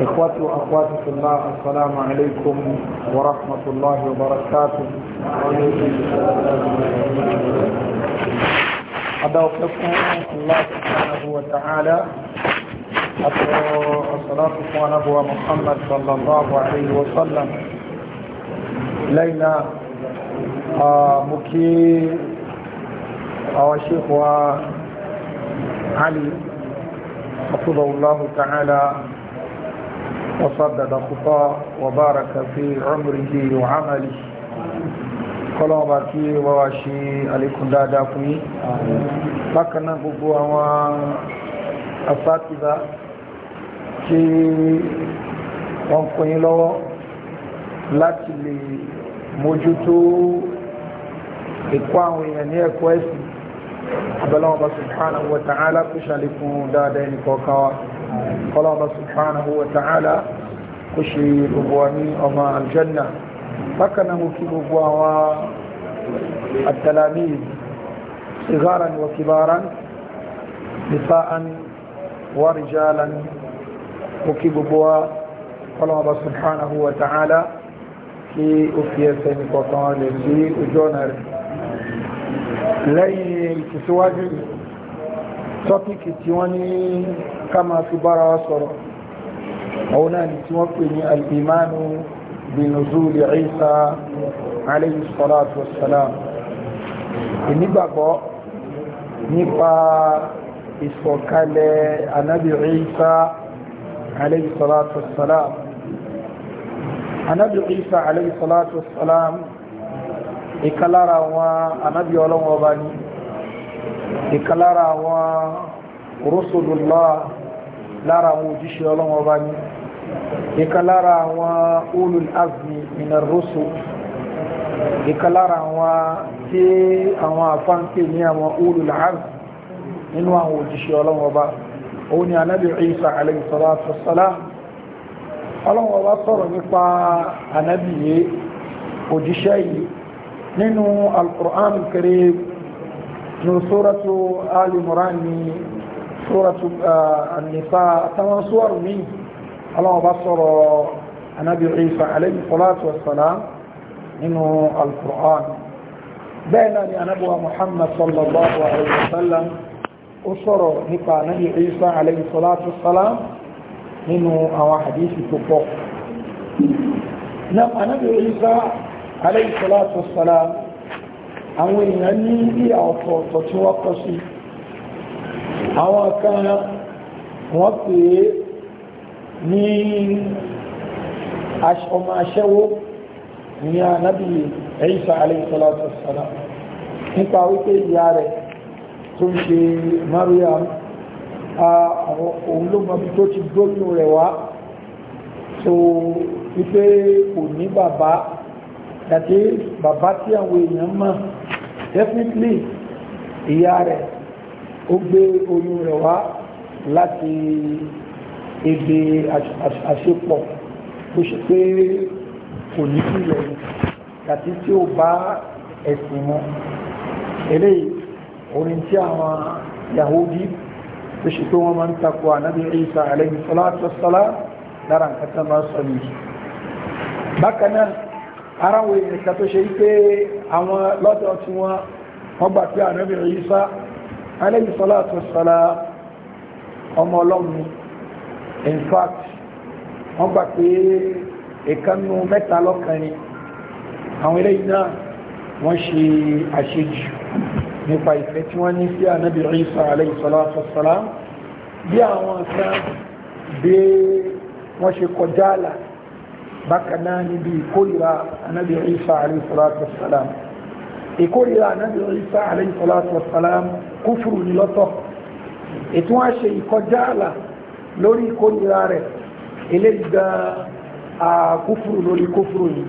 إخوتي وأخواتي في الله السلام عليكم ورحمة الله وبركاته أدعوكم الله سبحانه وتعالى الصلاة على محمد صلى الله عليه وسلم لينا آه، مكي أو آه، آه، علي حفظه الله تعالى وصدد خطاه وبارك في عمره وعمله kọlọ́wọ́ bá kí wọ́n wá ṣe àlékún dáadáa fún yí bákan náà gbogbo àwọn asátìdá tí wọ́n kún yí lọ́wọ́ láti lè mójútó ẹ̀kọ́ àwọn èèyàn ní ẹ̀kọ́ ẹ̀sìn abẹ́lọ́wọ́ bá subhanahu wa ta'ala kó ṣàlékún dáadáa ẹnìkọ̀ọ̀kan wa. قال الله سبحانه وتعالى كشي ربواني أما الجنة فكان مكيب بواوا التلاميذ صغارا وكبارا نساء ورجالا مكيب بوا الله سبحانه وتعالى كي أفيا سيني قطان الجيل جونر لين الكسواجي tọ́pìkì tí wọ́n ní ká máa fi bára wa sọ̀rọ̀ àwọn náà ni tí wọ́n pè ní alìmánu binuzuli Isa alayhi salatu wassalam ìnígbàgbọ́ nípa ìsọ̀kalẹ̀ anábì Isa alayhi salatu wassalam anábì Isa alayhi wassalam ìkálára wọn anábì ọlọ́wọ́ bá ní ìkan lára àwọn rusulullah lára àwọn òjíṣẹ́ ọlọ́wọ́ bá ní ìkan lára àwọn ulul azmi minar rusul ìkan lára àwọn tí àwọn àfáǹkè ní àwọn ulul azmi nínú àwọn òjíṣẹ́ ọlọ́wọ́ bá òun ni anábì Isa alayhi salatu wassalam ọlọ́wọ́ nu sóràtú alimuran ni sóràtú anisa àtàwọn sóràtú mi ọlọ́wọ́n bá sọ̀rọ̀ anabi isa alayhi salatu wa salam nínú alkur'an bẹ́ẹ̀ náà ni anabi wa muhammad sallallahu alayhi wa sallam ó sọ̀rọ̀ nípa anabi isa alayhi salatu wa salam nínú hadisi tó pọ̀. na anabi isa alayhi salatu wa àwọn èèyàn ní ìyà ọ̀tọ̀ọ̀tọ̀ tí wọ́n kọ́ sí àwọn kan wọ́n pè é ní ọmọ aṣẹ́wó ní ànábì nípa wípé ìyá rẹ̀ tó ń ṣe ti rẹ̀ wá wípé kò that is bàbá tí àwọn èèyàn mọ̀ definitely ìyá rẹ̀ ó gbé oyún rẹ̀ wá láti ebe àṣepọ̀ tó ṣe pé kò ní sílẹ̀ ni àti tí ó bá ẹ̀sìn mu eléyìí orin tí àwọn Yahudi tó ṣe pé wọ́n máa ń takò ànábì Isa alayhi salatu lára nǹkan tó máa sọ nìyí bákan ara àwọn èèyàn kan tó ṣe wípé àwọn lọ́dọ̀ tí wọ́n wọ́n gbà pé ànábì Ìsá alayhi salatu wassalam ọmọ ọlọ́run in fact wọ́n gbà pé ìkànnù mẹ́ta lọ́kànrin àwọn eléyìí náà wọ́n ṣe àṣejù nípa ìfẹ́ tí wọ́n ní sí ànábì Ìsá alayhi salatu wassalam bí àwọn kan bí wọ́n ṣe kọjá àlàyé bákanáà níbi ìkórìíra anábì Isa alayhi salatu wassalam ìkórìíra anábì Isa alayhi salatu wassalam kúfùrù ní lọ́tọ̀ ètò wọn ṣe ìkọjá àlà lórí ìkórìíra rẹ̀ eléyìí gan kúfùrù lórí kúfùrù yìí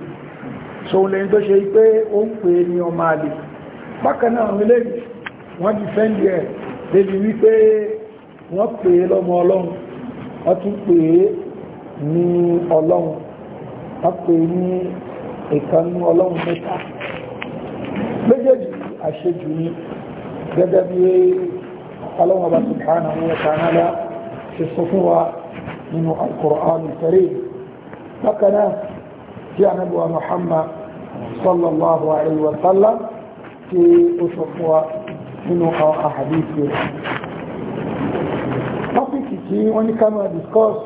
sóhun lẹ́yìn tó ṣe pé ó ń pè ní ọmọ àlè bákanáà àwọn eléyìí wọ́n ti fẹ́ndì ẹ̀ débi wípé wọ́n pè é lọ́mọ ọlọ́run wọ́n tún pè é ní ọlọ́run kápẹ́ ní ìkanú ọlọ́run mẹ́ta méjèèjì àṣejù ní gẹ́gẹ́ bí ọlọ́run ọba subhanahu wa ta'ala ṣe sọ fún wa nínú al-Qur'an al-Karim bákan náà tí ànábì wa Muhammad sallallahu alayhi wa sallam tí ó sọ fún wa nínú àwọn àhàdìsí rẹ̀ tí wọ́n ní ká máa discuss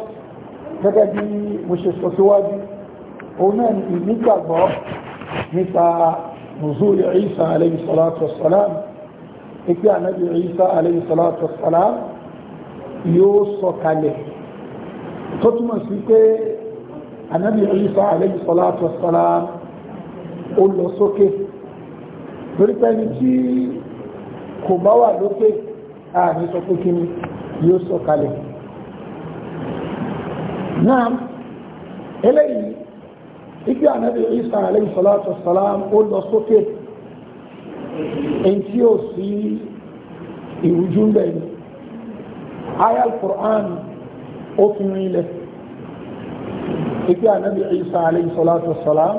gẹ́gẹ́ bí mo ṣe sọ síwájú òun náà ni ìnígbàgbọ́ nípa nùzúlì Ìsá alayhi salatu wassalam ìpé ànábì Ìsá alayhi salatu wassalam yóò sọ̀kalẹ̀ tó túmọ̀ sí pé ànábì Ìsá alayhi salatu wassalam ó lọ sókè lórí pẹ́ni tí kò bá wà lókè ààrẹ eléyìí ibi ànábì Isa alayhi salatu salam ó lọ sókè èyí tí ó sí ìrújú ń bẹ̀rẹ̀ aya al-Qur'an ó fi rin ilẹ̀ ibi ànábì Isa alayhi salatu salam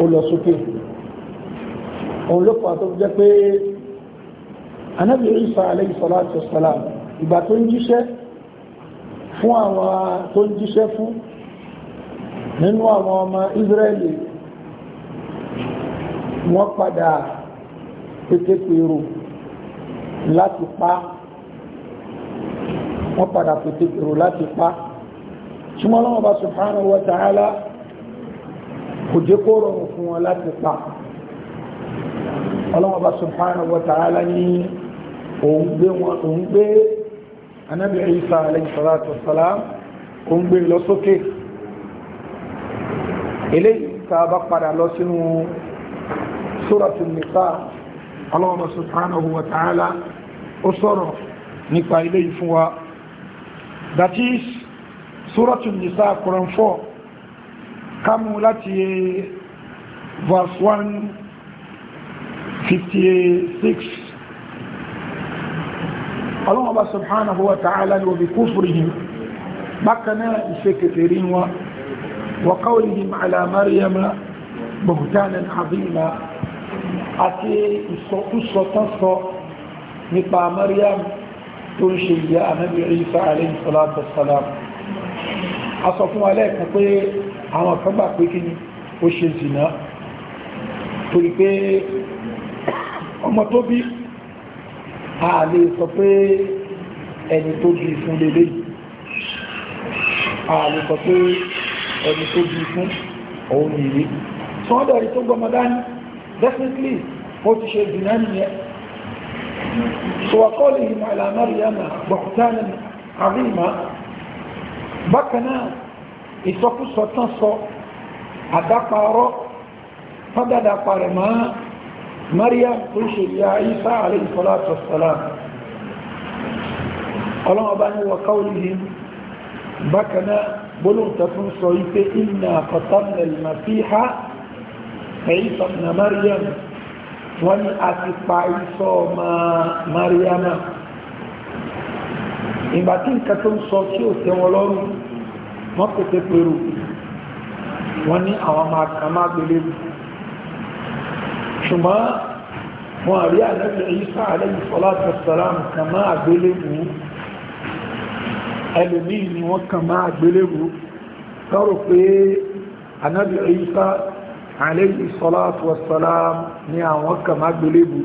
ó lọ sókè òun ló pàtó jẹ́ pé ànábì Isa alayhi salatu ìgbà tó ń jíṣẹ́ fún àwọn tó ń jíṣẹ́ fún nínú àwọn ọmọ Israẹli wọ́n padà pétékèrò láti pa wọ́n padà pétékèrò láti pa ṣùgbọ́n lọ́wọ́ bá subhanahu wa ta'ala kò jẹ́ kó rọrùn fún wọn láti pa ọlọ́wọ́ bá subhanahu wa ta'ala ní òun gbé wọn Isa alayhi salatu eléyìí tá a bá padà lọ sínú sóràtún nìta Allah subhanahu wa ta'ala ó sọ̀rọ̀ nípa eléyìí fún wa that is sóràtún nìta Quran 4 kámú láti verse 156 Allah subhanahu wa ta'ala ni wa bi kufrihim bákan náà ìṣe kèfèrí wọn وقولهم على مريم بهتانا عظيما أتي أسطنص نقع مريم تنشي يا نبي عيسى عليه الصلاة والسلام أصفوا عليك أقول أما كما كويكني وشي الزنا torí pé ọmọ tó bí a lè sọ pé ẹni ẹni tó bí fún òun nìyí tí wọ́n dẹ̀rí tó gbọmọ dání definitely ó ti ṣe dùnà nìyẹn so wà kọ́ lè yìnbọn ìlànà ríyàmà bọ̀kútánà àríyìnmá bákan náà ìsọkúsọ tán sọ àdáparọ́ fádàdàpà rẹ̀ máa Maryam tó ṣe ìyá Isa alayhi salatu wassalam ọlọ́wọ́ bá ní wà kọ́ lè yìnbọn bákan náà gbólóǹtẹ́ fún sọ ipé iná kọ̀tọ́nà ìmọ̀síhá ẹ̀yíṣọ́ na mariam wọ́n ni a ti pa ìṣọ́ ọmọ mariama ìgbà tí nǹkan tó ń sọ tí ò tẹ́wọn lọ́rùn wọ́n kò tẹ́ pẹ̀rù wọ́n ní àwọn máa kà gbélé ṣùgbọ́n wọn àrí àlẹ́bẹ̀ẹ́ ìṣọ́ àlẹ́ ìfọ́lá ẹlòmíì ni wọ́n kàn máa gbélébù tọ́rọ pé anábì Ìsá alayhi salatu wassalam ni àwọn kàn máa gbélébù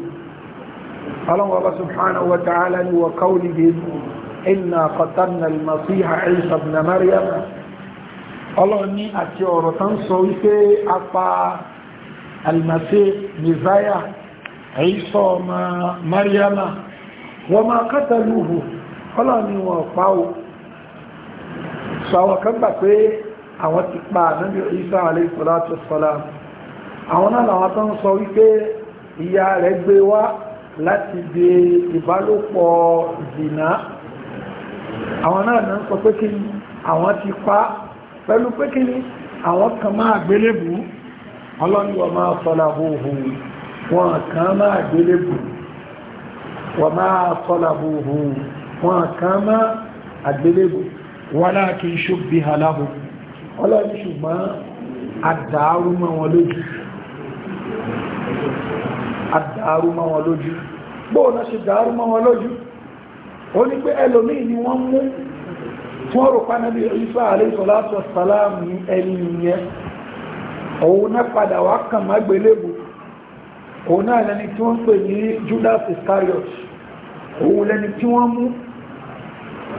ọlọ́wọ́ bá subhanahu wa ta'ala ni wa qawlihi inna qatanna al-masiha Isa ibn Maryam ọlọ́ni àti ọ̀rọ̀ tán sọ wípé apá almasih mizaya Isa ọmọ Maryama wọ́n máa qataluhu ọlọ́ni wọn pàwọ́ so àwọn kan gbà pé àwọn ti pa ànábì Isa alayhi salatu wassalam àwọn náà làwọn tó ń sọ wípé ìyá rẹ̀ gbé wá láti di ìbálòpọ̀ zina àwọn náà náà sọ pé kí àwọn ti pa pẹ̀lú pé kí ni àwọn kan máa gbélébù ọlọ́niwọ̀ máa sọ́lá bóòhù wọn kan máa gbélébù wọ́n máa sọ́lá bóòhù wọn kan máa àgbélébù walakin shubbiha lahum ọlọ́ni ṣùgbọ́n àdàárú mọ́ wọn lójú àdàárú mọ́ wọn lójú bóò náà ṣe dàárú mọ́ wọn lójú ó ní pé ẹlòmíì ni wọ́n mú fún ọ̀rọ̀ pánàbí Ìsá alayhi salatu wassalam ẹni yẹn òun náà padà wá kàn má gbélébù òun náà lẹni tí wọ́n pè ní Judas Iscariot òun lẹni tí wọ́n mú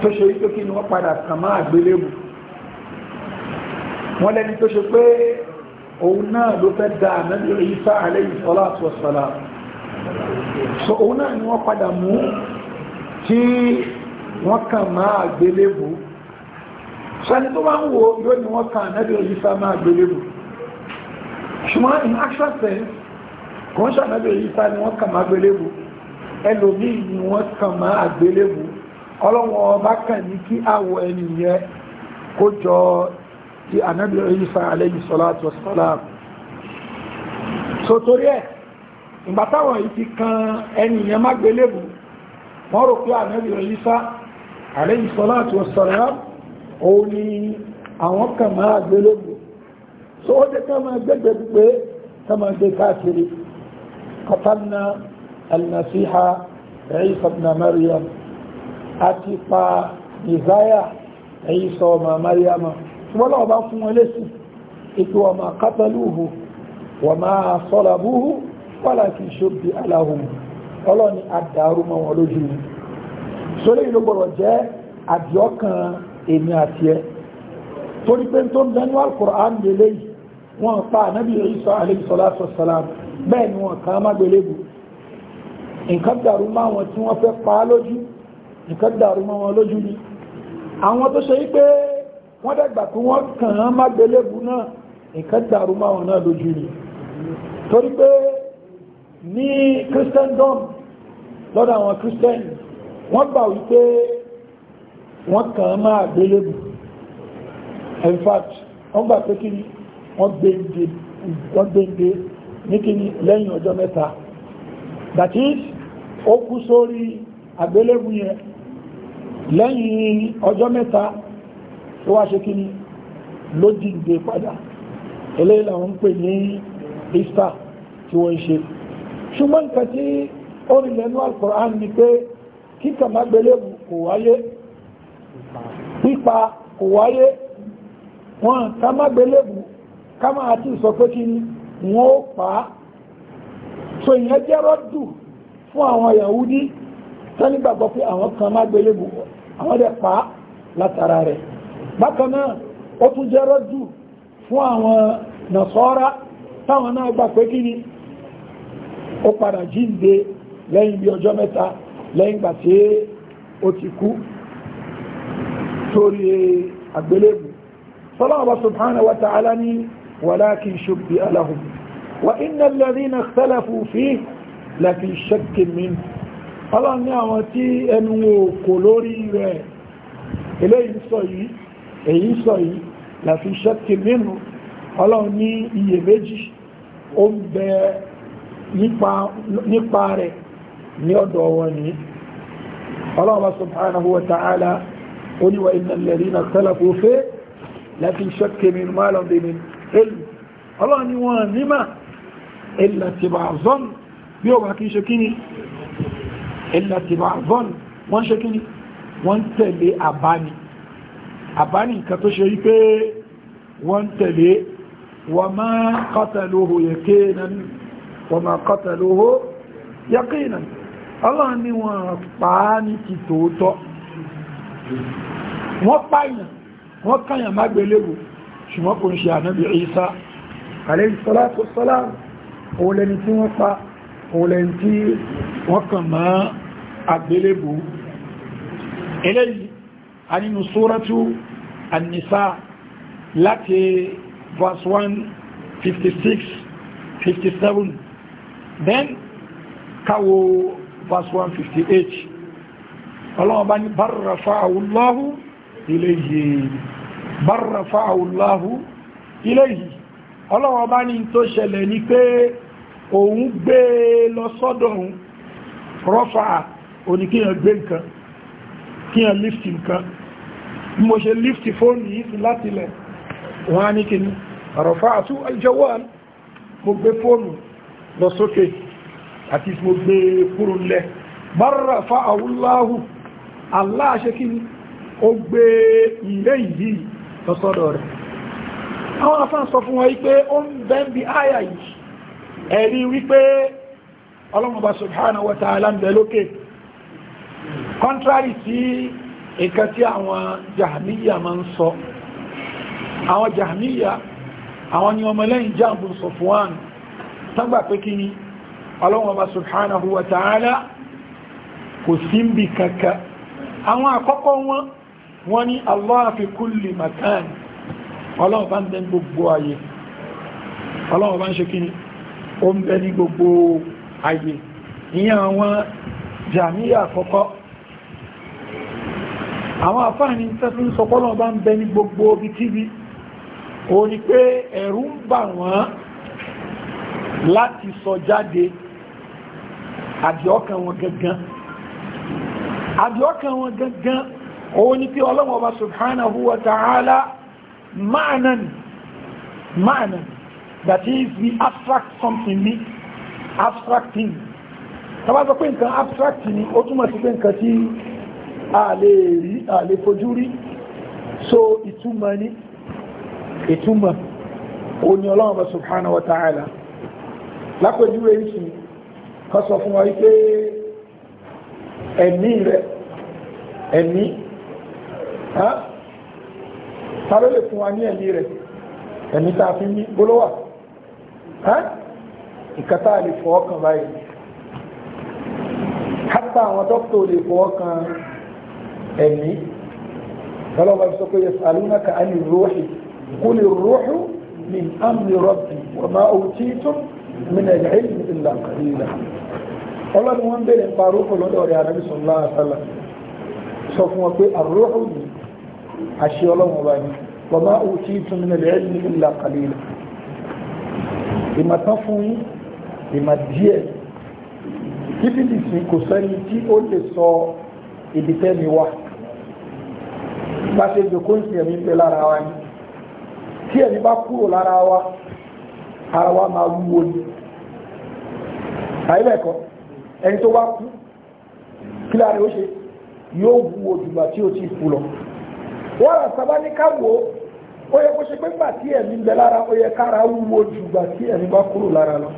tó ṣe wípé kí ni wọ́n padà kàn máa gbélébù wọ́n lẹ́ni tó ṣe pé òun náà ló fẹ́ dá ànábì Ìsá alayhi salatu wassalam so òun náà ni wọ́n padà mú tí wọ́n kàn máa gbélébù sani tó bá ń wo yóò ní wọ́n kàn ànábì Ìsá máa gbélébù ṣùgbọ́n in actual sense kò ń ṣànábì Ìsá ni wọ́n kàn máa gbélébù ẹlòmíì ni wọ́n kàn máa gbélébù ọlọ́wọ́ ọba kàn ní kí àwọ̀ ẹniyẹn kó jọ ti ànábì Ìsá alayhi salatu wassalam so torí ẹ̀ ìgbàtàwọ̀ yìí ti kan ẹniyẹn má gbélébù wọ́n rò pé ànábì Ìsá alayhi salatu wassalam òun ni àwọn kan máa gbélébù so ó jẹ́ ká máa gbẹ́gbẹ́ pé ká máa gbé káàkiri qatalna al-masiha Isa àti pa ìzáyà èyí sọ ọmọ mariama ṣùgbọ́n náà bá fún wọn lẹ́sìn ètò ọmọ kátàlúhù wọ́n máa sọ́lá búhù wọ́lá kì í ṣóbi aláhùn ọlọ́ni àdàrú mọ́ wọn lójú ni sólè ìlú gbọ́dọ̀ jẹ́ àdìọ́kan èmi àti ẹ lójú nǹkan dàrú mọ́ wọn lójú ni àwọn tó ṣe wípé wọ́n dẹ̀gbà tí wọ́n kàn án mágbélébù náà nǹkan mọ́ wọn náà lójú ni torí pé ní christendom lọ́dọ̀ àwọn christian wọ́n gbà wípé wọ́n kàn án máa gbélébù in fact wọ́n gbà pé kí ni wọ́n gbéǹde ní kí ni lẹ́yìn ọjọ́ mẹ́ta that is ó kú sórí àgbélébù yẹn lẹ́yìn ọjọ́ mẹ́ta tó wá ṣe kíní ló dìde padà eléyìí làwọn ń pè ní Easter tí wọ́n ṣe ṣùgbọ́n nǹkan tí ó rí lẹ́nu Al-Qur'an ni pé kíkà má gbélébù kò wáyé pípa kò wáyé wọn ká má gbélébù ká máa ti sọ pé kí wọ́n ó pa á so ìyẹn jẹ́ rọ́dù fún àwọn Yahudi tẹ́lígbàgbọ́ pé àwọn kan má gbélébù àwọn dẹ̀ pa látara rẹ̀ bákan náà ó tún jẹ́ rọ́jù fún àwọn nàṣọ́ra táwọn náà gbà pé kí ni ó padà jíǹde lẹ́yìn bí ọjọ́ mẹ́ta lẹ́yìn gbà tí ó ti kú torí àgbélébù sọ́lọ́wọ́ subhanahu wa ta'ala ni walakin shubbi alahum ọlọ́run ní àwọn tí ẹnu òkò lórí rẹ̀ eléyìí sọ yìí èyí sọ yìí láfi ṣẹ́kì nínú ọlọ́run ní iyèméjì ó ń bẹ nípa rẹ̀ ní ọ̀dọ̀ wọn ní ọlọ́run subhanahu wa ta'ala ó ní wa innal ladhina ikhtalafu fihi láfi ṣẹ́kì nínú ma bí ó wà kí ṣe kíni ẹ̀lá ti máa vọ́n wọ́n ṣe kí ni wọ́n tẹ̀lé àbáni àbáni nǹkan tó ṣe rí pé wọ́n tẹ̀lé wa ma qataluhu yaqinan wa ma qataluhu yaqinan Allah ni wọ́n pàá ní ti tòótọ́ wọ́n pààyàn wọ́n kàyàn má gbẹ̀lẹ́wò ṣùgbọ́n olè tí wọ́n kàn má àgbélébù eléyìí a nínú sóràtú annisa láti verse 156 57 then káwo verse 158 ọlọ́wọ́ bá ní bárrafa àwùláhù iléyìí bárrafa àwùláhù iléyìí ọlọ́wọ́ bá ní tó ṣẹlẹ̀ ní pé òun gbé lọ sọ́dọ̀ òun rọ́fà òní kí yàn gbé nǹkan kí yàn mo ṣe lífti fóònù yìí láti lẹ̀ wọ́n á ní kí ní rọ́fà àtú mo gbé fóònù lọ sókè àti mo gbé e kúrò lẹ̀ bára fa àwúláhù aláàṣẹ́ kí ní ó gbé ilé yìí lọ sọ́dọ̀ rẹ̀ àwọn afán sọ fún pé ó ń ẹ̀rí wípé ọlọ́mọba subhanahu wa ta'ala ń bẹ lókè contrary sí ìkan tí àwọn jahmiya ma ń sọ àwọn jahmiya àwọn ni ọmọlẹ́yìn jambu sofwan tágbà pé kí ni ọlọ́mọba subhanahu wa ta'ala kò sí ń bí kankan àwọn àkọ́kọ́ wọn wọ́n ní Allah fi kulli makan ọlọ́mọba ń bẹ gbogbo ayé ọlọ́mọba ń ṣe kí ni ó ń bẹ ní gbogbo ayé ìyẹn àwọn jàmíyà àkọ́kọ́ àwọn afáàní tẹ́fí ń sọpọ́lọ̀ bá ń bẹ ní gbogbo obi tíbi o ni pé ẹ̀rù ń bà wọ́n láti sọ jáde àdìọ́kàn wọn gangan àdìọ́kàn wọn gangan o ni pé ọlọ́wọ́ bá subhanahu wa ta'ala ma'anan ma'anan that is we abstract something ní abstract thing tàbá sọ pé nǹkan abstract ni ó túnmọ̀ sí pé nǹkan tí a lè rí a lè fojú rí so ìtumọ̀ ní ìtumọ̀ ó ní ọlọ́run bá subhanahu wa ta'ala lápẹjúwe ìsìn kan sọ fún wa wípé ẹ̀mí rẹ̀ ẹ̀mí ta ló lè fún wa ní ẹ̀mí rẹ̀ ẹ̀mí tá a fi ní gbólówà nǹkan tá a lè fọwọ́ kan báyìí hátà àwọn dókítà lè fọwọ́ kan ẹ̀mí lọ́lọ́wọ́ sọ pé yasalunaka ani ruhi quli ruhu min amri rabbi wa ma utitum min al-ilmi illa qalila ọlọ́run wọn bèèrè nípa rúkọ lọ́dọ̀ rẹ̀ àrẹ́bí sọ̀lá àṣálà sọ fún wọn pé àrùhù ni àṣẹ ọlọ́run ọba ni wa ma utitum min al-ilmi illa qalila ìmọ̀tán fún yín ìmọ̀ díẹ̀ títí di sí kò sẹ́ni tí ó lè sọ ibi tẹ́mi wá bá ṣe jòkó ń sì ẹ̀mí pé lára wa ni tí ẹ̀mí bá kúrò lára wa ara wa máa wúwo ni àìbẹ̀kọ́ ẹni tó wá kú kí lára ó ṣe yóò wúwo jùlọ tí ó ti kú lọ wọ́n rà sábà ní káwọ́ oye yẹ ṣe pé gbà tí ẹ̀mí ń bẹ lára ó kára wúwo jù gbà tí ẹ̀mí bá kúrò lára lọ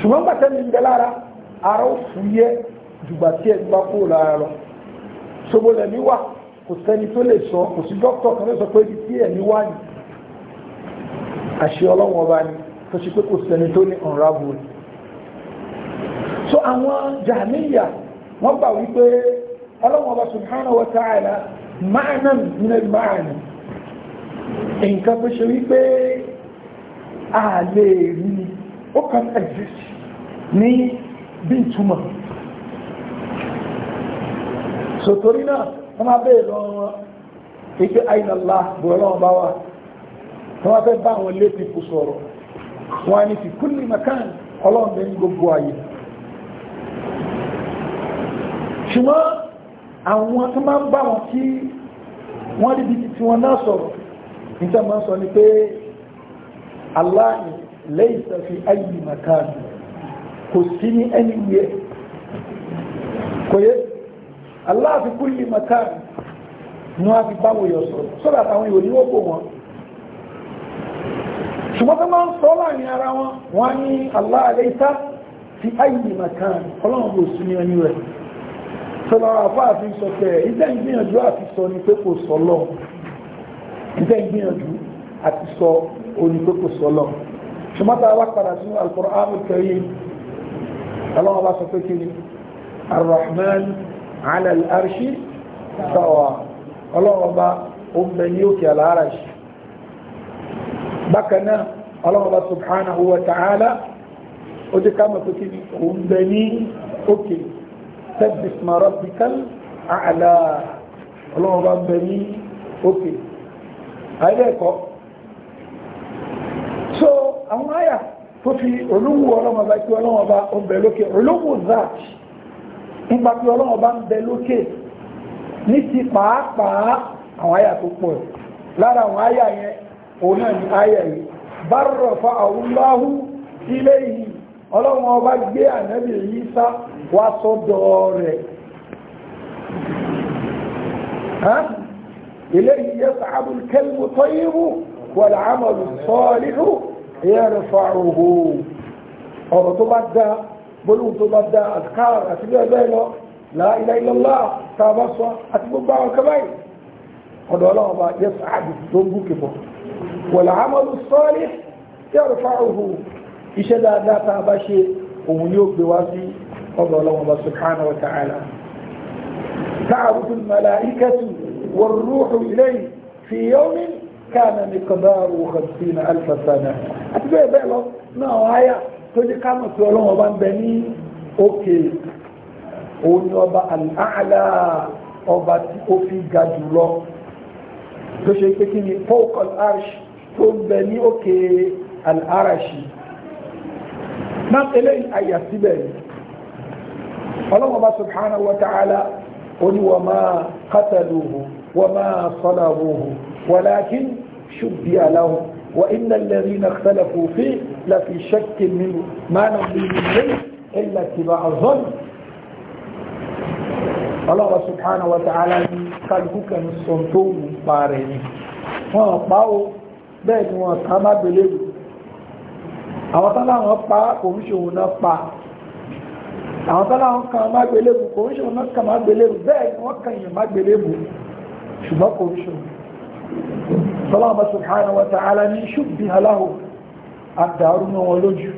ṣùgbọ́n gbà tẹ́mi ń bẹ lára ara ó fúyẹ́ jù gbà tí ẹ̀mí bá kúrò lára lọ ṣòbó lẹ̀mí wà kò sẹ́ni tó lè sọ kò sí dókítà kan lè sọ pé ibi tí ẹ̀mí wà ní àṣẹ ọlọ́wọ́n ọba tó ṣe pé kò sẹ́ni tó ní so àwọn jàmíyà ọba subhanahu wa ta'ala nǹkan tó ṣe wípé a lè rí ni ó kàn exist ní bí ìtumọ̀ sòtòrí náà wọ́n máa bèèrè lọ wọn ike àìlàlá bọ̀ọ̀lọ́wọ́ bá wà wọ́n máa fẹ́ bá àwọn ilé ti kù sọ̀rọ̀ wọ́n á ní fi kúlì makan ọlọ́ọ̀dẹ́ ní gbogbo ayé ṣùgbọ́n àwọn tó máa ń bá wọn kí wọ́n rí bí ti náà sọ̀rọ̀ níta máa sọ ni pé Allah laysa fi ayyi makan kò sí ní ẹni yẹ kò yẹ Allah fi kulli makan ni wọ́n á fi báwo yọ sọ̀rọ̀ sọ́dọ̀ àtàwọn ìwò níwọ́ kò wọ́n ṣùgbọ́n tó máa ń sọ láàrin ara wọn wọ́n ní Allah laysa fi ayyi makan ọlọ́run kò sí ní ẹni rẹ̀ sọ́dọ̀ àwọn afáàfin sọ pé ìjẹ́ ìgbìyànjú àti sọ ni pé kò sọ lọ́wọ́ nígbà ìgbìyànjú àti sọ oníkókò sọlọ ṣùgbọ́n tá a wá padà sínú al-Qur'an al-Karim ọlọ́wọ́ bá sọ pé kí ni ar-Rahman ala al-arshi sawa ọlọ́wọ́ bá ó ń bẹ ní òkè àlàárà ṣe bákan náà ọlọ́wọ́ bá subhanahu wa ta'ala ó ti ká mọ̀ pé kí ni ó bẹ ní òkè sabbih isma rabbikal ọlọ́wọ́ bá bẹ ní òkè àìlẹ́ẹ̀kọ́ so àwọn àyà tó fi olówó ọlọ́mọba kí ọlọ́mọba ó bẹ lókè olówó zach nípa kí ọlọ́mọba ń bẹ lókè ní ti pàápàá àwọn àyà tó pọ̀ lára àwọn àyà yẹn òun náà ni àyà yìí bá rọ̀fà àwùláhù ilé yìí ọlọ́run ọba gbé ànábì Ìsá wá sọ́dọ̀ rẹ̀ إليه يصعد الكلم الطيب والعمل الصالح يرفعه ọ̀rọ̀ tó bá dá gbólóhùn tó bá dá àtikáàrà àti bí ẹgbẹ́ lọ la ilaha illallah tàbá sọ àti gbogbo àwọn kẹbáyì ọ̀dọ̀ ọlọ́wọ́ bá yẹ sàádì tó ń gúkè fọ́ wal amalu salih yarfa'uhu iṣẹ́ dáadáa tàbá ṣe òun yóò gbé wá sí ọ̀dọ̀ ọlọ́wọ́ bá subhanahu wa ta'ala ta'rufu al-mala'ikatu والروح إليه في يوم كان مقداره خمسين ألف سنة أتبقى بقى لو náà آية تجي كما سؤالون وبان بني أوكي òun ọba àlàálà ọba tí ó fi ga jùlọ tó ṣe pé kí ni folk al-arsh tó ń bẹ ní òkè al-arashi náà eléyìí àyà síbẹ̀ ni ọlọ́wọ́n bá subhanahu wa ta'ala oníwọ̀n máa qataluhu وما صلبوه ولكن شبه لهم وإن الذين اختلفوا فيه لفي شك من ما نقول منه إلا اتباع الظن الله سبحانه وتعالى خلقك من صنطوم بارين وقعوا بين وقام بلد àwọn tọ́lá wọn pa òmíṣòwò náà pa àwọn tọ́lá wọn kàn má gbélébù òmíṣòwò náà kàn má gbélébù bẹ́ẹ̀ wọ́n kàn yìí má gbélébù ṣùgbọ́n kò rí ṣòro sọlọ́ọ̀bá subhanahu wa ta'ala ní ṣùgbọ́n aláhù àdàrú mọ́ wọn lójú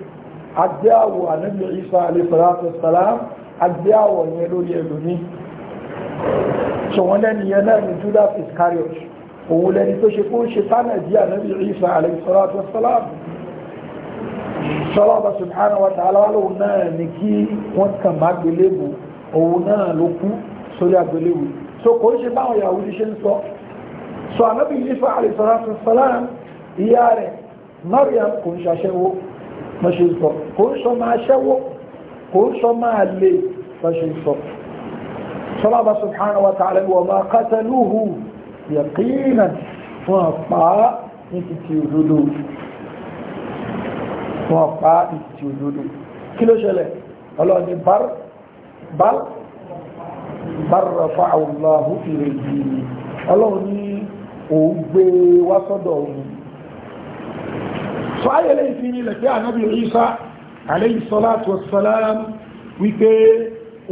agbé àwọ̀ ànábì Isa alayhi salatu wassalam agbé àwọ̀ yẹn lórí ẹlòmí sọ wọn lẹ́ni yẹn náà ní Judas Iscariot òun lẹ́ni tó ṣe kó ṣe tánà di ànábì Isa alayhi salatu wassalam sọlọ́ọ̀bá subhanahu wa ta'ala lóhun náà ní kí wọ́n kàn má gbélébù òun náà ló kú sórí àgbélébù so kò ń ṣe báwọn ìyàwó ti ṣe ń sọ so anábì Yusuf alayhisalatu salam ìyá rẹ̀ Mariam kò ń ṣàṣẹwó ma ṣe sọ kò ń sọ máa ṣẹwó kò ń sọ máa lè ma sọ sọlọ́ba subhanahu wa ta'ala wa ma qataluhu yaqinan fún bára fáwọn ọlọ́hu ìrèjì ọlọ́run ní òun gbé wá sọ́dọ̀ òun sọ ayẹlẹ ìfini lẹ̀kẹ́ ànábì Ìsá alayhi salatu wassalam wípé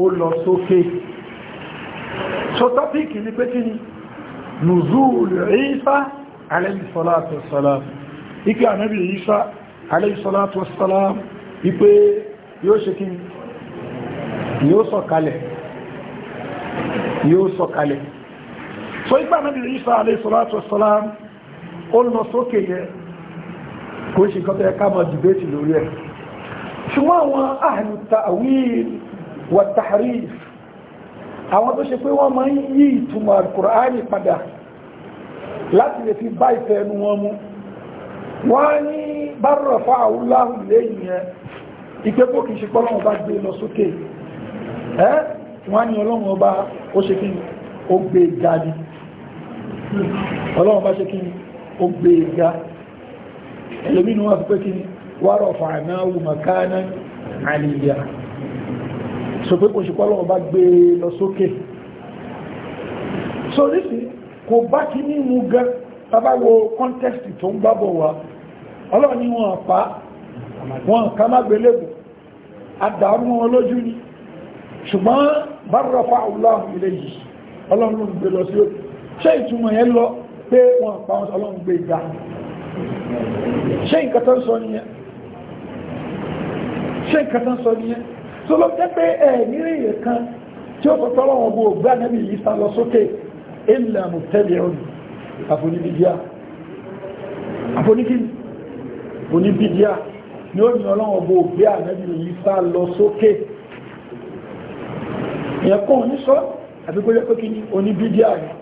ó lọ sókè so tọ́píkì ní pé kí ni nùzúùlù Ìsá alayhi salatu wassalam ike ànábì Ìsá alayhi salatu wassalam wípé yóò ṣe kí ni yóò sọ̀kalẹ̀ yóò sọ̀kalẹ̀ so ipa náà bí Isa alayhi salatu wassalam ó lọ sókè yẹ kò ṣe kọ́tọ̀ ẹ̀ká mọ̀ dìbẹ́tì lórí ẹ̀ ṣùgbọ́n àwọn ahlu ta'wil wa tahrif àwọn tó ṣe pé wọ́n máa ń yí ìtumọ̀ al-Qur'ani padà láti lè fi bá wọ́n ní ọlọ́run ọba ó ṣe kí ó gbé e ga ni ọlọ́run ọba ṣe kí ó gbé e ga ẹlòmínú wọn fi pé kí ni wárọ̀ fàánáwù makana àlìyà so pé kò ṣe pọ́ ọlọ́run ọba gbé e lọ sókè so nísì kò bá kí ní mú gan tabawo kọ́ntẹ́kìtì tó ń gbábọ̀ wá ọlọ́run ni wọ́n pa wọn ká má gbélébù adàmú wọn lójú ni ṣùgbọ́n bárọ̀fà ọlọ́run ilé yìí ọlọ́run ló ń gbé lọ sí òkè ṣé ìtumọ̀ yẹn lọ pé wọ́n pa wọn ọlọ́run gbé ìgbà ṣé nǹkan tó ń sọ nìyẹn ṣé nǹkan tó ń sọ nìyẹn tó ló jẹ́ pé ẹ̀ nírè yẹn kan tí ó tọ́tọ́ lọ́wọ́ bó gbé ànábì ni ó ní ọlọ́wọ́ bó gbé ànábì yìí sá lọ sókè ìyẹn kọ́ òní sọ àbí kó jẹ́ pé kí ni òní bídíà rẹ̀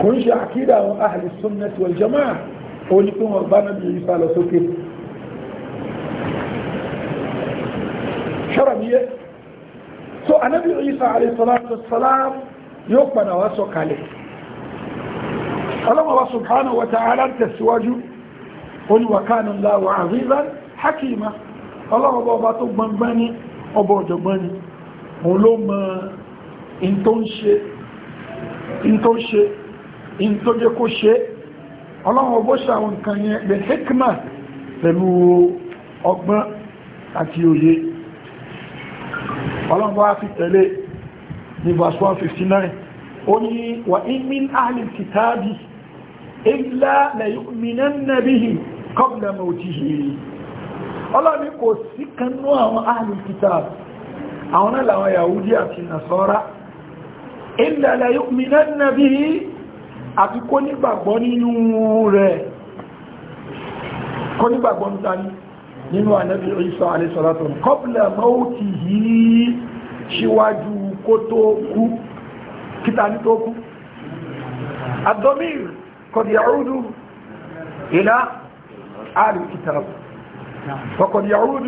kò ń ṣe àkídà àwọn ahli sunnah wal jamaa bá náà bí ìfà lọ sókè ṣọ́rọ̀míyẹ so anábì Ìsá alayhi salatu wassalam yóò padà wá sọ kalẹ̀ ọlọ́mọ̀wá subhanahu wa ta'ala tẹ̀síwájú olùwàkánu láwọ̀ àríwá hakima ọlọ́mọ̀wá tó gbọmgbọ́n ní ọbọ̀ ọ̀jọ̀gbọ́n ni òun ló mọ in tó ń ṣe in tó ṣe in tó jẹ́ kó ṣe ọlọ́run ọgbọ́ ṣàwọn nǹkan yẹn lè hekima pẹ̀lú ọgbọ́n àti òye ọlọ́run wá fi tẹ̀lé ní verse 159 ó ní wà imin ahli kitabi illa la yu'minanna bihi qabla mawtihi ọlọ́run kò sí kanú àwọn ahli kitabi àwọn náà làwọn yahudi àti nasọ́ra illa la yu'minanna bihi àti kó nígbàgbọ́ nínú rẹ̀ kó nígbàgbọ́ nítani nínú ànábì Ìsá alayhi salatu qabla mawtihi síwájú kó tó kú kíta ní tó kú الضمير قد يعود إلى آل الكتاب وقد يعود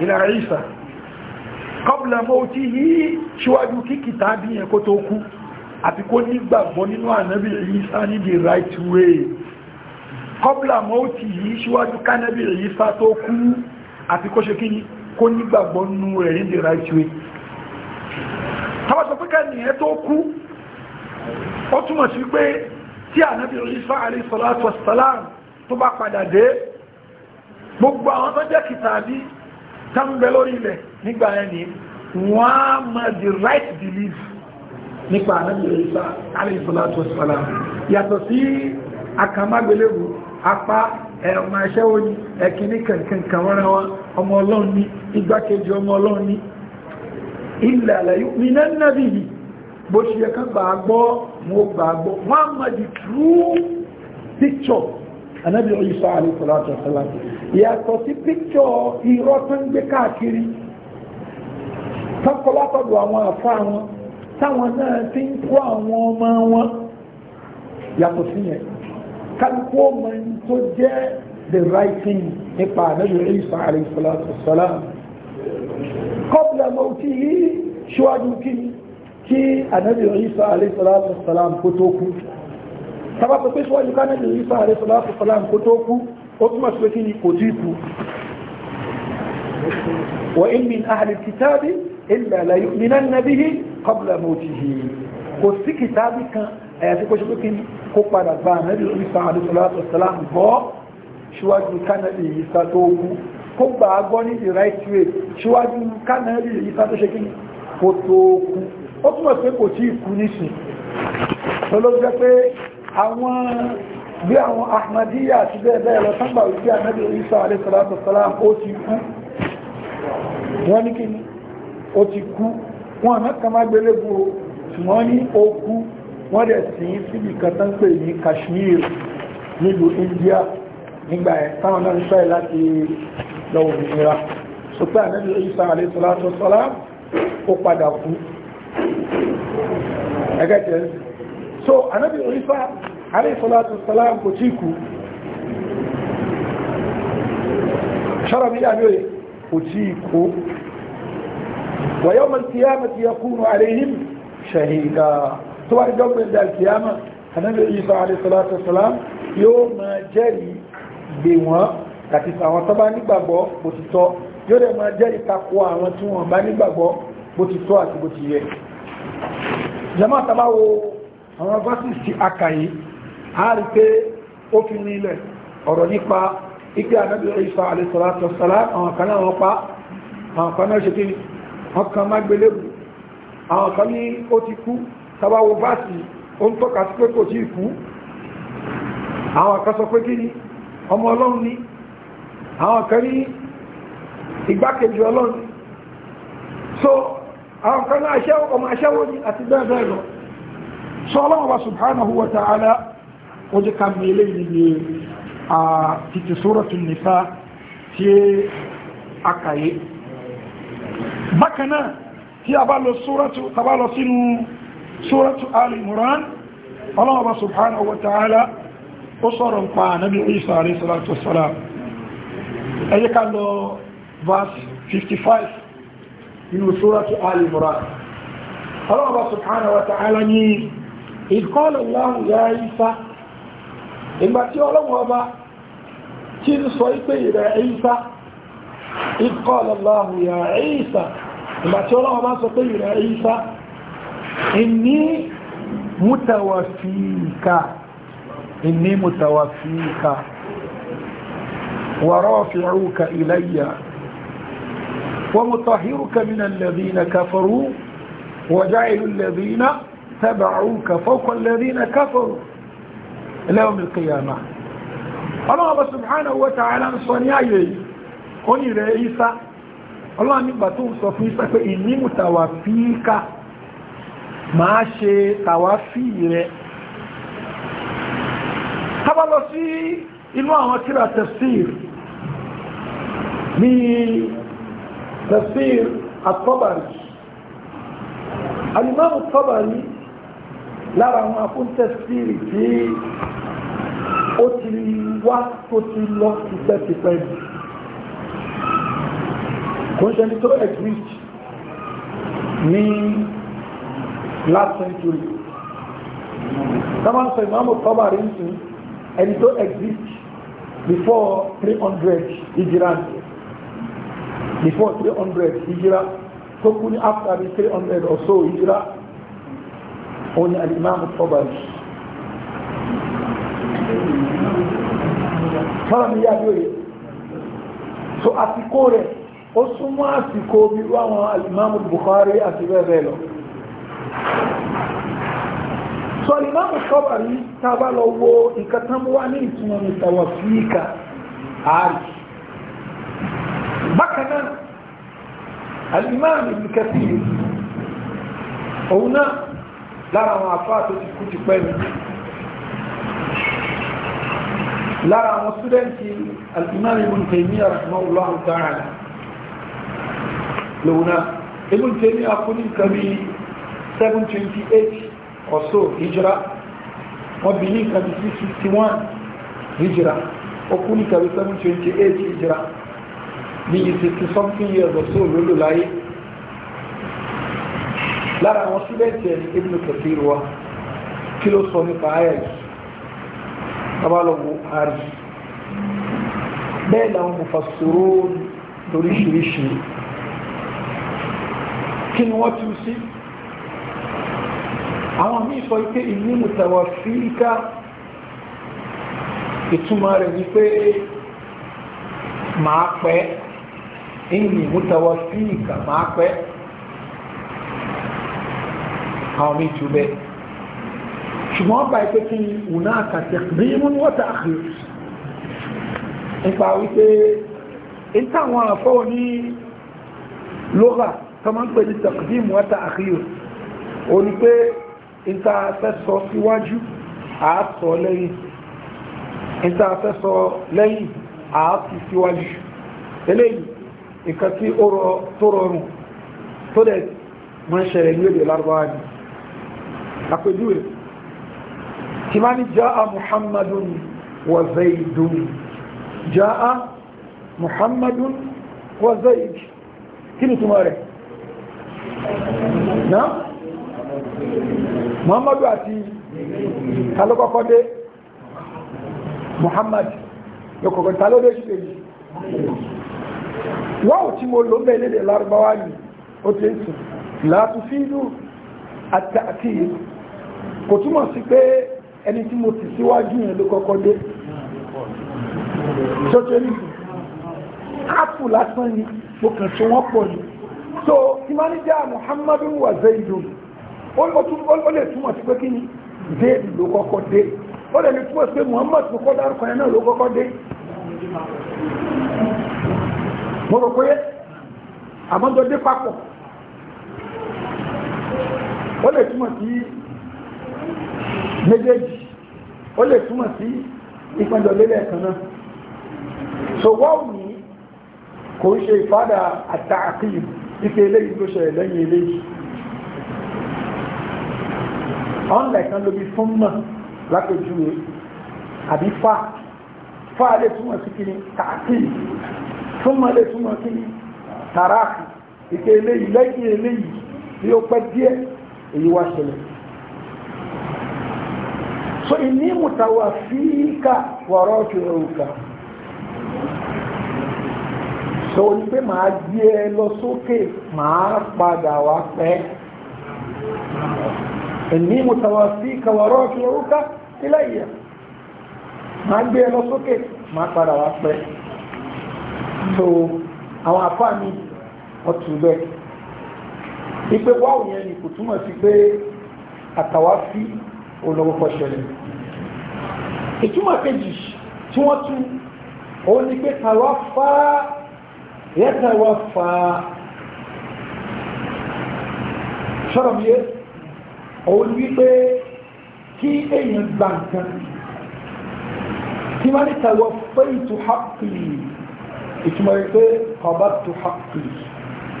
إلى عيسى kọ́bùlà mọ́tí yìí ṣíwájú kí kìtàbí yẹn kó tó kú àti kó nígbàgbọ́ nínú ànábì Ìsá ní the right way kọ́bùlà mọ́tí yìí ṣíwájú kánábì Ìsá tó kú àti kó ṣe kí ní kó nígbàgbọ́ nínú rẹ̀ ní the right way tàbátọ̀ pẹ́kẹ́ ní ẹ tó kú ó túnmọ̀ sí pé tí ànábì Ìsá alayhi salatu wassalam tó bá padà dé gbogbo àwọn tó jẹ́ kìtàbí tánbẹ̀ lórí ilẹ̀ nígbà ẹni wọ́n á mọ̀ the right belief nípa anábìrì ìsá aláìsọ́láàtọ̀ ìsọ́lá yàtọ̀ sí akàmágbélébù apá ẹ̀rọ̀mà iṣẹ́ wo ni ẹ̀kíní kankan kàwọ́ra wa ọmọ ọlọ́run ní igbákejì ọmọ ọlọ́run ní ilẹ̀ àlàyé nínú nàbì yìí bó ṣe yẹ ká gbàgbọ́ mo gbàgbọ́ wọ́n á mọ̀ the true picture anábì Ìsá àlùfọ́láàtì ọ̀sẹ̀lá yàtọ̀ sí píkṣọ̀ irọ́ tó ń gbé káàkiri tọ́kọ látọ̀dọ̀ àwọn àfa wọn táwọn náà ti ń kó àwọn ọmọ wọn yàtọ̀ sí yẹn kálukú ọmọ tó jẹ́ the right thing nípa anábì Ìsá àlùfọ́láàtì ọ̀sẹ̀lá kọ́bùlà mọ́tì yìí ṣíwájú kí anábì Ìsá àlùfọ́láàtì ọ̀sẹ̀lá kó tó kú sábà pé síwájú kánẹ́lì ìfà àrẹ sọlá sọlá kó tó kú ó túnmọ̀ sí pé kí ni kò tí kú wa in min ahli kitabi illa la yu'minanna bihi qabla mawtihi kò sí kìtàbí kan àyàfi kó ṣe pé kí ni kó padà bá àmẹ́lì ìfà àrẹ sọlá sọlá gbọ́ síwájú kánẹ́lì ìfà tó àwọn bí àwọn ahmadiyya àti bẹ́ẹ̀ bẹ́ẹ̀ lọ sábà wípé ànábì Isa alayhi salatu wassalam ó ti kú wọ́n ní kí ni ó ti kú wọ́n àná kan máa gbélé bu ṣùgbọ́n ní ó kú wọ́n dẹ̀ sí síbi kan pè ní Kashmir nílùú India nígbà ẹ̀ táwọn náà ń láti lọ so anábì Ìsá alayhi salatu salam kò tí kú ṣọ́rọ̀ mi yàmí òye kò tí kú wa yawma al-qiyamati yakunu alayhim shahida tó wá jọ́gbẹ̀ ìdá kìyàmà anábì Ìsá alayhi salatu salam yóò máa jẹ́rìí gbé wọn àti àwọn tó bá nígbàgbọ́ bó ti tọ́ yóò dẹ̀ máa jẹ́ ìtakò àwọn tí wọ́n bá nígbàgbọ́ bó ti tọ́ àti bó ti yẹ jama tabawo àwọn verses ti akàyí a rí pé ó fi ní ilẹ̀ ọ̀rọ̀ nípa ike ànábì Ìsá alayhi salatu wassalam àwọn kan náà wọ́n pa àwọn kan náà ṣe kí wọ́n kan má gbélébù àwọn kan ní ó ti kú tabawo verses ó ń tọ́ka sí pé kò tí ì kú àwọn kan sọ pé kí ni ọmọ ọlọ́run ni àwọn kan ní igbákejì ọlọ́run so àwọn kan náà ọmọ aṣẹ́wó ni àti bẹ́ẹ̀ bẹ́ẹ̀ lọ sọ́lọ́ ọba subhanahu wa ta'ala ó jẹ́ ká mẹ́lẹ̀ níbi a títí sóràtún nìfà tí a kàyé bákanáà tí a bá lọ sínú sóràtún al-imran ọlọ́wọ́ ọba subhanahu wa ta'ala ó sọ̀rọ̀ ń pa ànábì Isa alayhi salatu wassalam ẹ jẹ́ ká lọ verse 55 nínú سورة آل عمران. الله سبحانه وتعالى wa إذ قال الله يا عيسى إن باتي أولم وبا تير سويته يا عيسى إذ قال الله يا عيسى إن باتي أولم وبا سويته يا عيسى إني متوفيك إني متوفيك ورافعوك إلي ومطهرك من الذين كفروا وجعل الذين كفروا اتبعوك فوق الذين كفروا اليوم القيامة الله سبحانه وتعالى نصني لي قني رئيسة الله من بطول صفيسة إني متوفيك ماشي توفير طب الله سي إنوان وكرا تفسير لي تفسير الطبري الإمام الطبري lára àwọn afúntẹ́sírì tí ó ti wá tó ti lọ tipẹ́tipẹ́ kò ń ṣe tó exist ní last century sáwọn sọ ìmáàmù tọ́bà rí sí ẹni tó exist before 300 ìjìrá before 300 ìjìrá tó kú ní after 300 or so ìjìrá òun الإمام alimami Tabari sọ́rọ̀ mi yá lóye so àsìkò rẹ̀ ó súnmọ́ àsìkò bírú àwọn alimami Bukhari àti bẹ́ẹ̀ bẹ́ẹ̀ lọ so alimami Tabari tábà lọ wo nǹkan tán wá ní ìtumọ̀ mi tàwọn fíìkà bákan náà alimami Ibn òun náà lára àwọn àfáà tó ti kú ti pẹ́ mi lára àwọn súdẹ́ǹtì al-Imam Ibn Taymiyyah rahimahullahu ta'ala lòun náà Ibn Taymiyyah kú ní nǹkan bíi 728 or so hijra wọ́n bí ní nǹkan bíi 661 hijra ó kú ní nǹkan bíi 728 hijra bíi 60 something years or so lólò láyé lára àwọn sílẹ̀tì ẹni Ibn Kathir wa kí ló sọ nípa ayẹ̀ tabalọ́wọ́ àrí bẹ́ẹ̀ làwọn mufassirò lóríṣiríṣi kí ni wọ́n tún sí àwọn míì sọ pé inni mutawaffika ìtumọ̀ rẹ̀ ni pé màá pẹ́ inni mutawaffika màá pẹ́ àwọn méjì bẹ́ẹ̀ ṣùgbọ́n bá ipé kí ìwòná àkàtẹ̀ rímú ní wọ́ta àkìrì nípa wípé ìta àwọn àfọ́wọ́ ní lóra tó máa ń pè ní tẹ̀kìdìmù wọ́ta àkìrì o ní pé ìta afẹ́sọ síwájú àásọ lẹ́yìn ìta afẹ́sọ lẹ́yìn àásì síwájú eléyìí ìkàtí tó rọrùn tó dẹ̀ máa ń ṣẹlẹ̀ ní èdè lárúbáwá ni àpèjúwe tí máa ní jáà muhammadun wa zaidun jáà muhammadun wa zaid kí ni túnmọ̀ rẹ̀ náà muhammadu àti talókọ́kọ́dé muhammad lókọ̀kọ́ talódé ṣùgbẹ́jì wáwù tí mo ló mẹ́lẹ́lẹ̀ lárúbáwá ni ó tẹ́ sùn látúfínú àti àkíyèsí kò túmọ̀ sí pé ẹni tí mo ti síwájú yẹn ló kọ́kọ́ dé ṣọ́tẹ́rì ápù lásán ni mo kàn tí wọ́n pọ̀ ni so ìmáníjà muhammadu wa zaidu ó lè túmọ̀ sí pé kí ni zaidu ló kọ́kọ́ dé ó lè túmọ̀ sí pé muhammadu kọ́kọ́ dárúkọ yẹn náà ló kọ́kọ́ dé mo rò pé àmọ́jọ dé papọ̀ ó lè túmọ̀ sí méjèèjì ó lè túmọ̀ sí ìpẹ́jọ lélẹ̀ kan náà so wọ́n ní kò ń ṣe ìfádà àtàkìlì ike eléyìí ló ṣẹlẹ̀ lẹ́yìn eléyìí ọ̀nlẹ̀kan ló bí fún mọ̀ lápẹjúwe àbí fa fa lè túmọ̀ sí kíni tàkìlì fún mọ̀ lè túmọ̀ kíni tàràkì ike eléyìí lẹ́yìn eléyìí tí ó pẹ́ díẹ̀ èyí wá ṣẹlẹ̀ so inni mutawafika wọ̀rọ̀ òkà so ní pé màá gbé ẹ lọ sókè màá padà wá pẹ́ inni mutawafika wọ̀rọ̀ òkà ilẹ̀ ìyẹ̀ màá gbé ẹ lọ sókè màá padà wá pẹ́ so àwọn àfáà mi ọ̀tún bẹ́ẹ̀ ipe wáwù yẹn ni kò túmọ̀ sí pé àtàwáfí olówókọ́ ṣẹlẹ̀ ìtumọ̀ kejì tí wọ́n tú ó ní pé tàwa fa yẹ́tàwa fa ṣọ́rọ̀bíyé òun wípé kí èyàn gbà nǹkan tí wọ́n ní tàwa fẹ́ ìtù hapi ìtumọ̀ wípé ọba tù hapi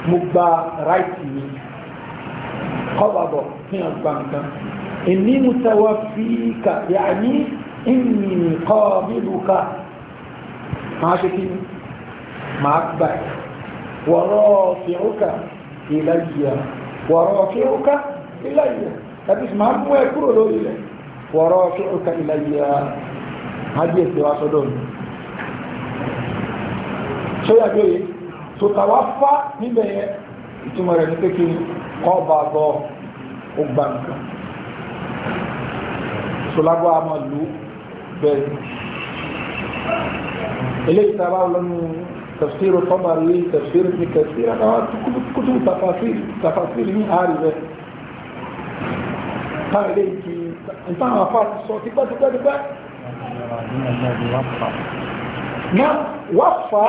mo gba ráìtì mi kọ́ bàbọ̀ kí èyàn gbà nǹkan inni mutawaffika yaani inni qabiluka máa ṣe kí ni máa gbà wa rafi'uka ilayya wa rafi'uka ilayya tàbí máa mú ẹ kúrò lórí rẹ̀ wa rafi'uka ilayya hajj ẹ̀sẹ̀ wa sọ́dọ̀ mi ṣọ́yà bí òye tó tàwa fá níbẹ̀ yẹn ìtumọ̀ rẹ̀ ní pé kí ni kọ́ bá bọ́ ó gbà nǹkan sọlágbọ́ a máa lò bẹ́ẹ̀ eléyìí tá a bá lọ́nu tafsir Tabari tafsir ní tafsir àwọn kutu tafasir ní àárí rẹ̀ táwọn eléyìí ti ntáwọn afá ti sọ tipẹ́tipẹ́tipẹ́ na wàfà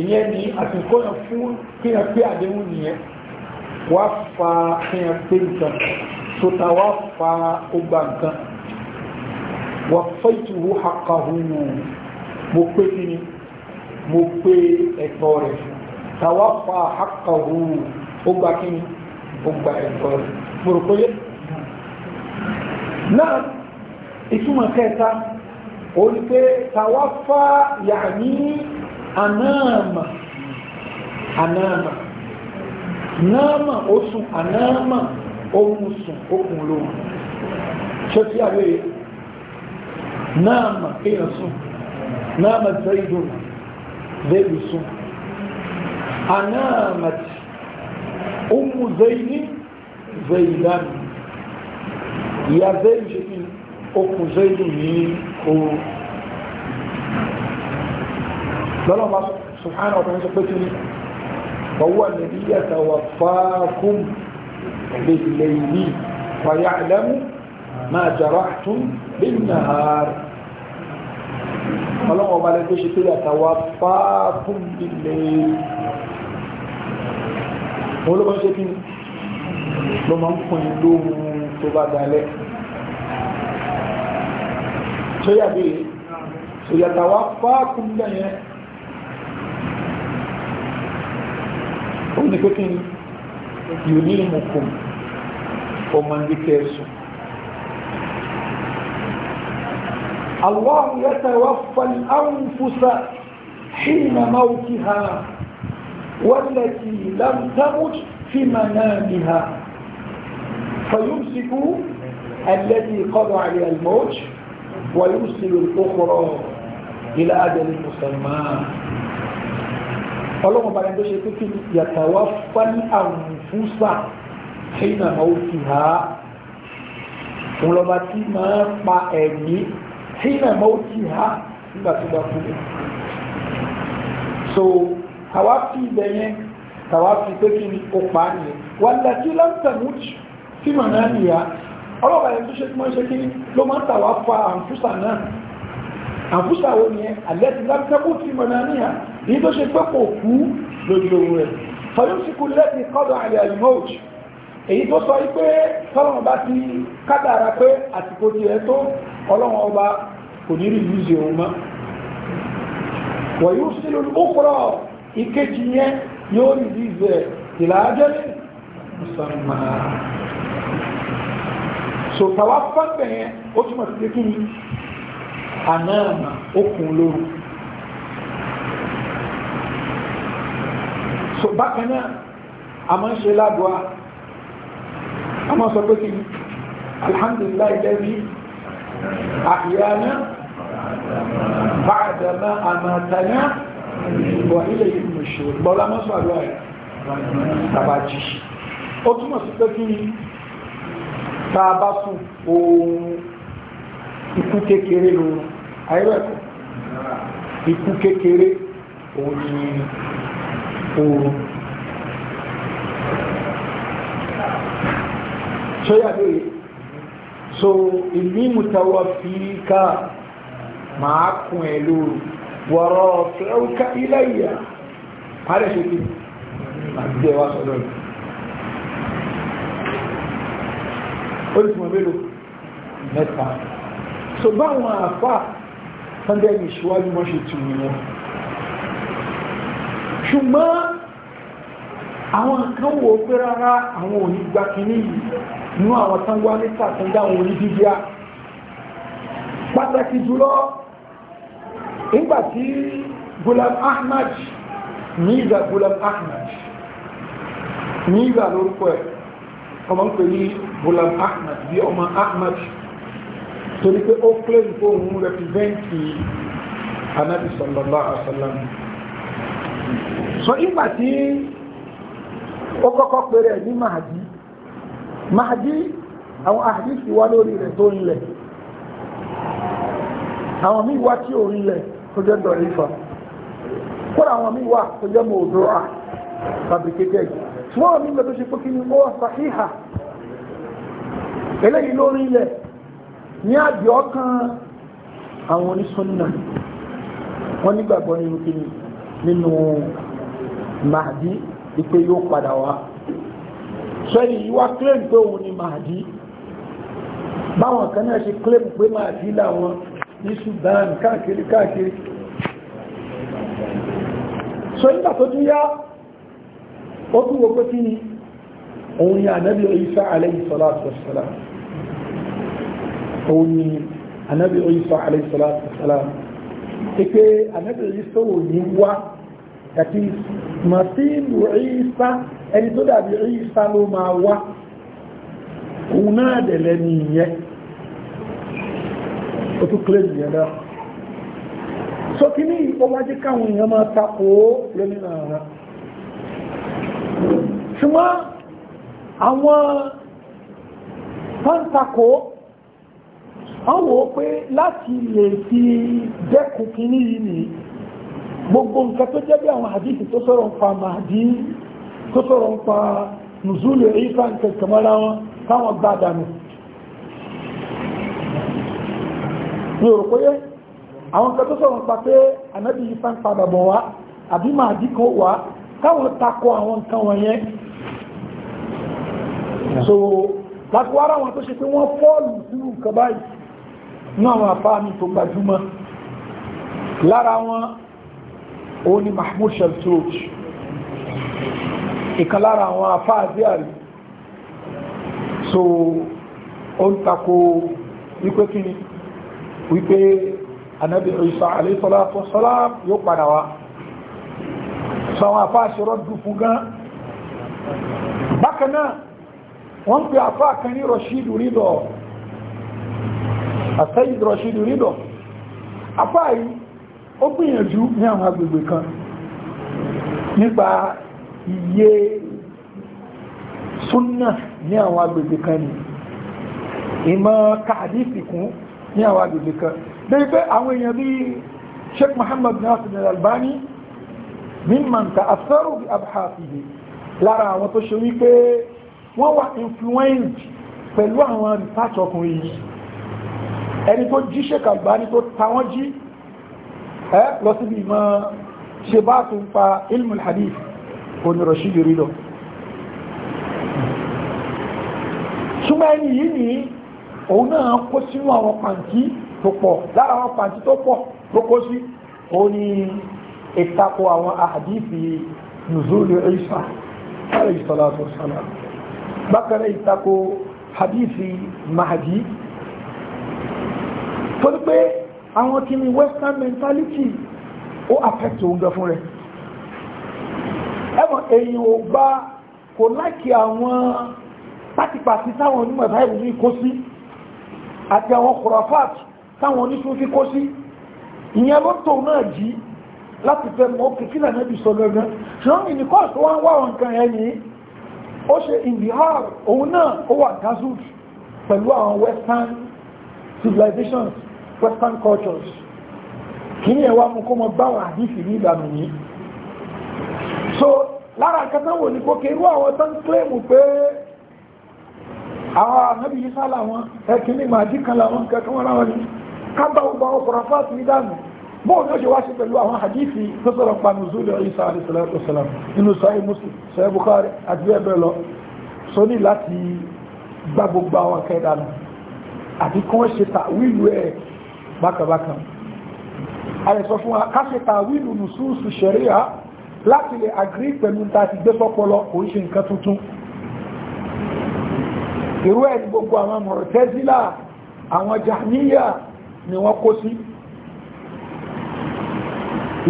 ìyẹn ni àtìkọ́ yẹn fún kí yẹn pé àdéhùn nìyẹn wàfà kí yẹn pé nǹkan sọta wàfà ó gba nǹkan wàfẹ́tùwò àkàhùnù mo pé kí ni mo pé ẹ̀tọ́ rẹ̀ tàwáfà àkàhùnù ó gba kí ni ó gba ẹ̀tọ́ rẹ̀ mo rò péye. náà ìtumọ̀ kẹta ó ní pé tàwáfà yàní anáàmà anáàmà náàmà ó sùn anáàmà ó mú sùn ó kùn lóhùn ṣé tí a lè yẹ. نام حين نعم، الصبح نامت زيد زيد الصبح أنامت أم زيد زيدا يا زيد أم زيد من قال الله سبحانه وتعالى فهو الذي يتوفاكم بالليل فيعلم ما جرحتم بالنهار ọlọ́wọ́ ọba lẹ́gbẹ́ ṣe pé àtàwà fáfún ilẹ̀ òun ló máa ń ṣe kí ni ló máa ń pọn lóhun tó bá dalẹ̀ tó yàgbé ìyàtàwà fáfún ilẹ̀ yẹn òun ni pé kí ni yóò ní ìmùkùn ọmọ ndíkẹ́ ẹ̀sùn الله يتوفى الأنفس حين موتها والتي لم تمت في منامها فيمسك التي قضى عليها الموت ويرسل الأخرى إلى أجل مسمى اللهم بارك tó ṣe pé kí yàtàwà fani àwùfúsà ṣe ما mọ́ hina mọ́tì ha nígbà tó bá so àwa fi ibẹ̀ yẹn tàwa fi pé kí ni ó pa á nìyẹn wàlẹ̀ tí lanternwood fi mọ̀ náà nìyà ọlọ́pàá yẹn tó ṣe tí wọ́n ṣe kí ló máa ń tàwa fa àǹfùsà náà àǹfùsà wo nìyẹn àlẹ́ tí lanternwood fi mọ̀ náà nìyà èyí tó èyí tó sọ wípé tọ́lọ́wọ́n bá ti kádàrá pé àsìkò tiẹ̀ tó ọlọ́wọ́n ọba kò ní rí ìlú ìṣòro mọ́ wọ̀nyí ó sì lórí ókúrọ̀ ìkejì yẹn yóò rí ìlú ìṣẹ̀ ìlàájẹ́lẹ̀ musamman so tàwa fáńbẹ̀ yẹn ó túmọ̀ sí pé kí ni anáàmà okùn lóru bákan náà a máa ń ṣe ládùá a máa sọ pé kí ni alhamdulillah lẹ́rí àyíyáná báadàmá àmàtàná wà ilẹ̀ yìí mú ṣe gbọ́lá máa sọ àlọ́ ẹ̀ tàbájì ó túnmọ̀ sí ikú kékeré lóòrùn oòrùn sọ́yà lóye so ìní mùtàwà fi ká máa kún ẹ lóru wọ̀rọ̀ fẹ́ọ́ká ilẹ̀ ìyá parẹ́ ṣe kí àgbẹ̀ wa sọ̀rọ̀ yìí orísìmọ̀ mélòó mẹ́ta so báwọn àfà sunday ìṣúwájú mọ́ ṣe tù wọn ṣùgbọ́n àwọn kan wò ó pé rárá àwọn òní gba kìíní yìí nú àwọn tán wá ní sàtúndà àwọn òní bíbíà pàtàkì jùlọ nígbà Gulam Ahmad Mirza Gulam Ahmad Mirza lórúkọ ẹ̀ ọmọ ń pè ní Gulam Ahmad bí ọmọ Ahmad torí pé ó claim kó òun rẹpìsẹ́ǹtì Ànábì sallallahu alaihi wasallam sọ ìgbà ó kọ́kọ́ pèrè ní mahadi mahadi àwọn àdìsí wá lórí rẹ̀ tó ń lẹ̀ àwọn míì wá tí ò ń lẹ̀ tó jẹ́ dọ̀rífà kódà àwọn míì wá tó jẹ́ mọ̀ọ́dọ́rà fabricated ṣùgbọ́n àwọn míì lọ tó ṣe pé kí ni ó wà sàhíhà eléyìí lórí ilẹ̀ ní àjọ ọkàn àwọn onísọ́nà wọ́n nígbàgbọ́ nínú kí nínú mahadi wípé yóò padà wá sẹ́yìn yìí wá claim pé òun ni Mahdi báwọn kan náà ṣe claim pé Mahdi làwọn ní Sudan káàkiri káàkiri so nígbà tó tún yá ó tún wo pé ni òun ni ànábì Ìsá alayhi òun ni ànábì Ìsá alayhi salatu wassalam pé ànábì Ìsá wá that masilu ìsá ẹni tó dàbí ìsá ló máa wá òun náà dẹ̀lẹ̀ ní ìyẹn ó tún kílẹ̀ ìyẹn náà so kí ní ó wájú káwọn èèyàn máa takò lónìí náà ṣùgbọ́n àwọn pántakò wọ́n wò ó pé láti lè fi dẹ́kun kìíní yìí nìyí gbogbo nǹkan tó jẹ́ bí àwọn hadith tó sọ̀rọ̀ ń pa mahdi tó sọ̀rọ̀ ń pa nùzúlù ìfà nǹkan kàmọ́ra wọn káwọn gbá dànù ní òrùkóyé àwọn nǹkan tó sọ̀rọ̀ ń pa pé anábì ìfà ń padà bọ̀ wá àbí mahdi kan wá káwọn takọ àwọn nǹkan wọ̀nyẹn so láti wára wọn tó ṣe pé wọ́n fọ́ọ̀lù sínú nǹkan báyìí ní àwọn àfáà mi tó gbajúmọ̀ lára wọn òun ni mahmoud sheltouch ìkan lára àwọn afáàzí àrí so ó ń takò wípé kíni wípé anabi isa alayhi salatu wassalam yóò padà wá sọ̀wọ́n afáàṣẹ rọ́dù fún gan bákan náà wọ́n pè afáà kan ní rọ̀ṣídù rídọ̀ àtẹ́yìn rọ̀ṣídù rídọ̀ afáà yìí ó gbìyànjú ní àwọn agbègbè kan nípa iye súnnà ní àwọn agbègbè kan ni ìmọ̀ kàdífì kún ní àwọn agbègbè kan lórí pé àwọn èèyàn bí sheikh muhammad nasir al-albani mimman ta asaru bi abhasihi lára àwọn tó ṣe wípé wọ́n wà influenced pẹ̀lú àwọn research ọkùnrin ẹni tó jí sheikh albani tó ta jí ẹ lọ síbi ìmọ̀ ṣe bá tún pa ilmu hadith onírọ̀ṣídì rí lọ ṣùgbọ́n ẹni yìí ni òun náà kó sínú àwọn pàǹtí tó pọ̀ lára àwọn pàǹtí tó pọ̀ tó kó sí ó ní ìtakò àwọn àdífi nùzúlù Ìsá bákanáà ìtakò àdífi Mahdi tó ní pé àwọn kí ni western mentality ó affect òun gan fún rẹ̀ ẹ̀mọ̀ èyí ò gbá kò láìkí àwọn pátipàtí táwọn onímọ̀ ìbáyìí ní kó sí àti àwọn kùràfàt táwọn oníṣun fi kó sí ìyẹn ló tó náà jí láti fẹ́ mọ́ kìkílà náà bí sọ gangan ṣùgbọ́n ìníkọ́ tó wá ń wá wọn kan ẹni ó ṣe ìbíhár òun náà ó wà gazoo pẹ̀lú àwọn western civilizations western cultures kí ni ẹ̀wà mú kó mọ báwọn àdífì ní ìlànà yìí so lára nǹkan tán wò ní kó kérú àwọn tán kílèmù pé àwọn ànábì yìí sálà wọn ẹkìní màájí kan làwọn kẹkẹ wọn láwọn ní kábà ọgbà ọkùnrin fáàtì ní dànù bóun ní ó ṣe wá Bukhari àti bẹ́ẹ̀ bẹ́ẹ̀ lọ so ní láti gbá gbogbo àwọn kẹ́ẹ̀dánù ṣe tàwílù ẹ̀ bákàbákan àrẹ̀sọ fún wa káṣẹta wílù nùsùsù ṣẹ̀ríà láti lè agrí pẹ̀lú ta ti gbé sọ́pọlọ oríṣi nǹkan tuntun irú ẹ̀ ní gbogbo àwọn mọ̀rọ̀tẹ́sílà àwọn jahmiya ni wọ́n kó sí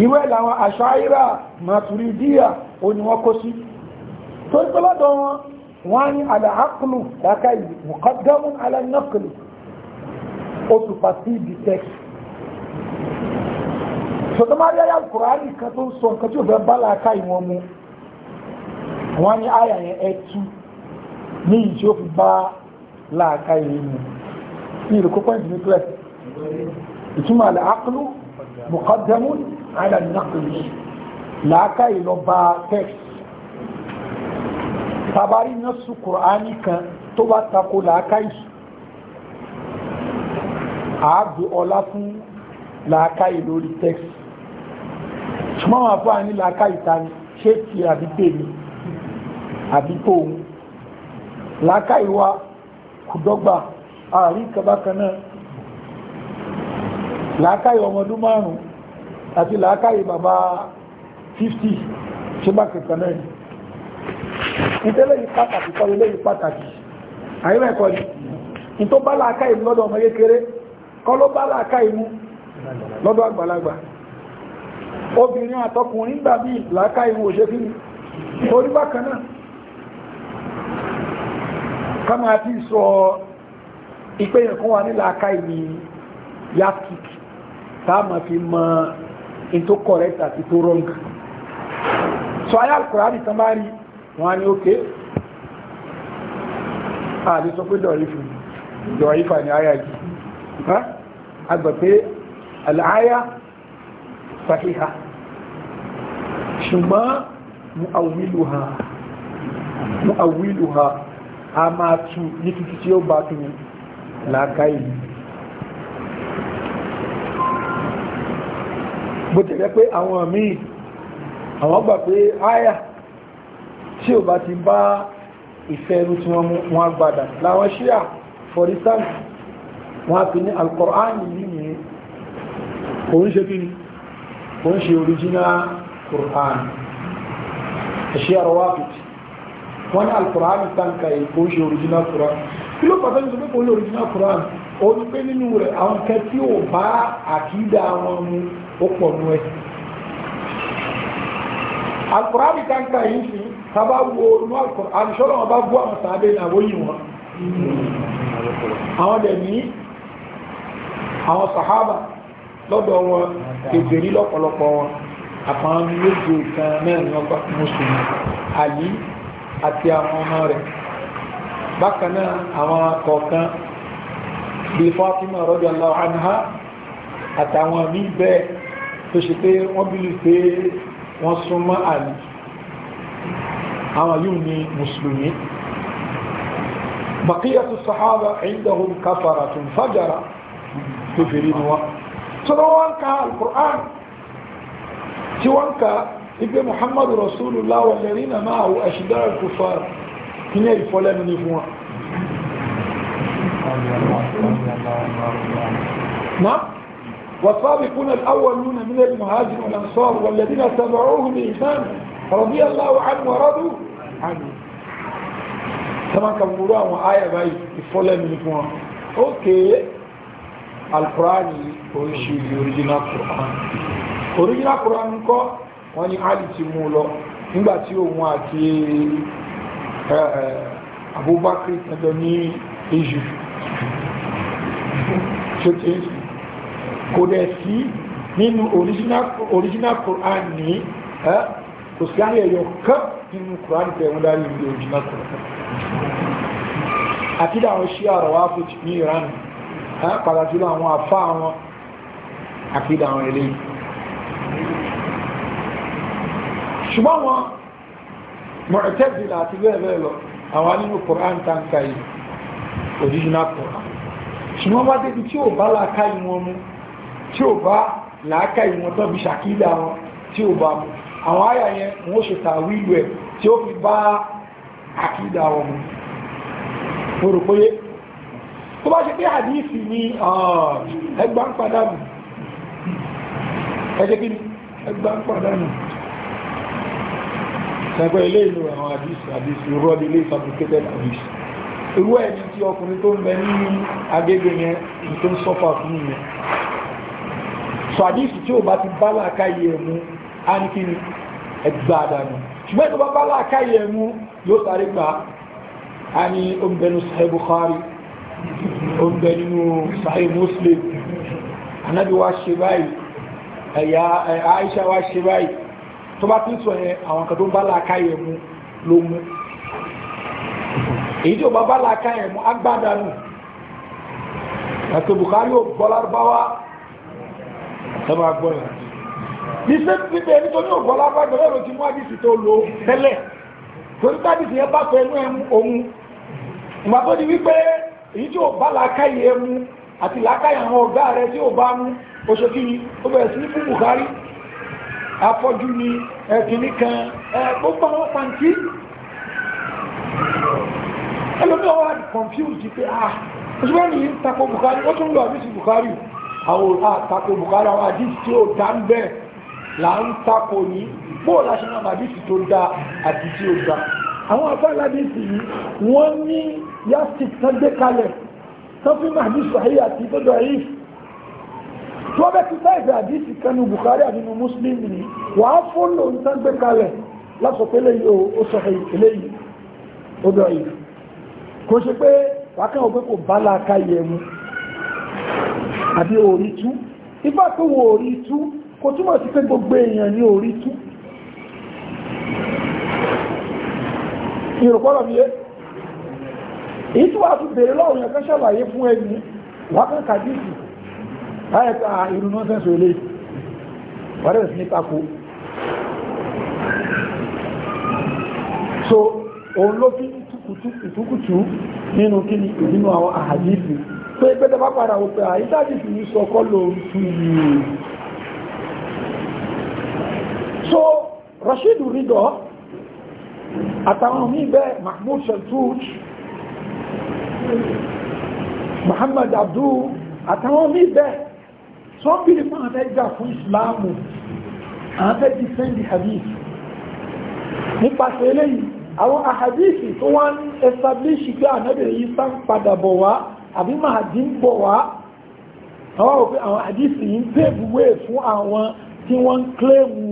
irú ẹ̀ làwọn àṣáírà maturidíà o ni wọ́n kó sí tó ń pẹ́lọ́dọ̀ wọn wọ́n ní ó supersede the text sọtọmọdé ayé alukurani kan tó ń sọ nǹkan tí ò fẹ́ bá làákà ìwọ̀n mu wọ́n ní àyà yẹn ẹ tú ní ìṣe ó fi bá làákà ìwọ̀n mu ní ìlú kókó kan tó bá tako làákà ìṣù àádù ọlá fún làákàyè lórí text ṣùgbọ́n wọn fún àní làákàyè ta ni ṣé ti àbíkò mi àbíkò òun làákàyè wa kò dọ́gba àárín ìkàbá kan náà làákàyè ọmọdún márùn-ún àti làákàyè bàbá 50 ṣe bá kẹ̀kẹ́ náà ìtẹ́lẹ̀ yìí pàtàkì kọ́ ilé yìí pàtàkì àyíwẹ̀ kọ́ ni ìtọ́ bá lọ́dọ̀ ọmọ kékeré kọ́ ló bá láàká imú lọ́dọ̀ àgbàlagbà obìnrin àtọkùnrin gbà bí láàká imú ò ṣe fi ní orí bákan náà ká máa ti sọ ìpé nǹkan wà ní láàká imú yastik táàmà fi mọ ìtò correct àti tó wrong sọ ayé alkùnrin tán bá rí wọn ni ókè àdìsọ pé dọ̀rí fún dọ̀rí fà ní ayé àjí àgbà pé àlàáyá fàhíhà ṣùgbọ́n mú àwílù ha mú àwílù ha a máa tú ní títí tí ó bá tún láàká bó tẹ̀lẹ́ pé àwọn míì àwọn gbà pé àyà tí ò bá ti bá ìfẹ́ ẹnu tí wọ́n mú wọn gbádà láwọn ṣíà for instance wọ́n fi ní alkọ̀ránì yìí ní kò kí ni kò original Qur'an ẹ̀ṣẹ́ àrọwà fìtì wọ́n ní alkọ̀ránì tanka yìí kò original Qur'an kí ló pàtàkì sọ pé kò original Qur'an ó ní pé nínú rẹ̀ àwọn kẹ tí ò bá àkídà wọn mu ó pọ̀ nú ẹ̀ alkọ̀ránì tanka yìí fi tábà wo inú alkọ̀ránì ṣọ́lọ́wọ́n bá bú àwọn sàádé ìyàwó yìí wọn àwọn dẹ̀ ní àwọn sàhábà lọ́dọ̀ wọn kèbèrè lọ́pọ̀lọpọ̀ wọn àpọn méje kan mẹ́rin ọgbà mùsùlùmí àlí àti àwọn ọmọ rẹ̀ bákan náà àwọn kọ̀ọ̀kan bíi Fatima radiyallahu anha àtàwọn míì bẹ́ẹ̀ tó ṣe pé wọ́n bílù pé wọ́n súnmọ́ àlì àwọn yìí ni mùsùlùmí baqiyatu sahaba indahum kafaratun fajara kéferì ni wọ́n sọ́dọ̀ wọ́n ka alukur'an tí wọ́n ka ipe muhammadu rasulullah wal ladina ma'ahu ashiddaa'u al kuffar kí ní ìfọ́lẹ́nu ní fún wọn نعم والسابقون الأولون من المهاجر والأنصار والذين تبعوهم بإحسان رضي الله عنه ورضوا عنه كما كان مروا آية باي يفولى من فوق أوكي alkùránì kò ń ṣe ìlú original quran original quran ń kọ́ wọ́n ní ali ti mú lọ nígbàtí òun àti abubakar tẹ́jọ ní iṣu ṣe tí kò dẹ̀ sí nínú original quran ní kò sí ayé ẹ̀yọ kán nínú quran tẹ́ wọ́n dárí ìlú original quran àti dáwọn ṣí àrọ̀wá fún ní ìrànà padà jùlọ àwọn àfá àwọn àkídà àwọn ilé ṣùgbọ́n wọn Mu'tazila àti bẹ́ẹ̀ lọ àwọn nínú Kùránì tàǹkà yìí original Kùránì ṣùgbọ́n wá débi tí ò bá láàká ìwọ̀n mú tí ò bá láàká ìwọ̀n tó fi ṣàkídà wọn tí ò bá mú àwọn àyà yẹn wọ́n ṣe tàwílù ẹ̀ tí ó fi bá àkídà wọn mú tó bá ṣe pé hadithi ni ẹgbà ń padànù ẹjẹ́ kí ni ẹgbà ń padànù ṣẹgbẹ́ ilé ìlú àwọn hadithi hadithi rọ́dí ilé fabricated hadithi irú ẹni tí ọkùnrin tó ń bẹ ní agbègbè yẹn tó ń sọ́fà fún yẹn so hadithi tí ó bá ti bá làákàyè ẹ̀mú á ní kí ni ẹgbà dànù ṣùgbọ́n tó bá bá làákàyè ẹ̀mú yóò sáré gbà á ní ó ń bẹnu sahih Bukhari ó ń bẹ nínú sahih muslim anábí wá ṣe báyìí ẹ̀yà aisha wá ṣe báyìí tó bá tún sọ yẹn àwọn kan tó ń bá làákàyè mu ló mú èyí tí ò bá bá làákàyè mu agbádànù àti Bukhari ò bọ́lárúbáwá ẹ̀bá gbọ́yà ní sẹ́ńtì bẹ́ẹ̀ nítorí ò bọ́lárúbá gbọ́dọ̀ ló ti mú àdìsí tó lò tẹ́lẹ̀ torí tábìsì yẹn bá fẹ́ inú ẹ̀ òun ìgbà tó di wípé èyí tí ó bá làákàyè ẹ mú àti làákàyè àwọn ọ̀gá rẹ tí ó bá mú oṣù kí ni ó bẹ̀rẹ̀ sí ní fún Buhari afọ́jú ni ẹ̀kìnní kan gbogbo àwọn pàǹtí ẹlòmí ọwọ́ àti confused pé ah òṣùwọ́n ni yìí ń tako Buhari ó tún lọ àbísí Buhari àwọn àtakò Buhari àwọn àdìsí tí ó dá ń bẹ́ẹ̀ là ń tako ní bóòlù àṣẹ náà àdìsí tó dá àti tí dá àwọn afáàládìsì yìí wọ́n ní yastik tán gbé kalẹ̀ tán fi máa ní sọ̀hí àti tọ́jọ́ àyíf tí wọ́n bẹ́ ti sáìsì àdìsì kan ní Bukhari àdínú Muslim ni wà á fọ́lọ̀ ń tán gbé kalẹ̀ lásọ pé léyìí ó sọ̀hí eléyìí ó dọ̀ àyíf kò ṣe pé wákàn òpé kò bá láàká yẹmu àbí orí tú ifá pé wo orí tú kò túmọ̀ sí pé gbogbo èèyàn ní orí tú ìrùpọ̀lọ̀ mi yé tí wàá tún bèèrè lọ́rùn yẹn kẹ́ṣẹ́ fún ẹni wákàn kàdíìsì láyẹ̀ká ìlú so òun ló ntukutu ìtúkùtù nínú kíni nínú àwọn àhàdíìsì pé pẹ́tẹ́ bá padà wò pé ah, sọ ihe. so àtàwọn mí bẹ́ẹ̀ mahmoud sheltouch muhammad abdul àtàwọn mí bẹ́ẹ̀ tó ń bìrì fún àwọn ẹgbà fún islamu àwọn sẹ́ndì hadith nípasẹ̀ eléyìí àwọn ahadithi tó wá ń establish pé ànábìrì yìí sá ń padà bọ̀ wá àbí mahadi ń bọ̀ wá àwọn òfin àwọn ahadithi yìí ń pèbúwé fún àwọn tí wọ́n ń kílèmù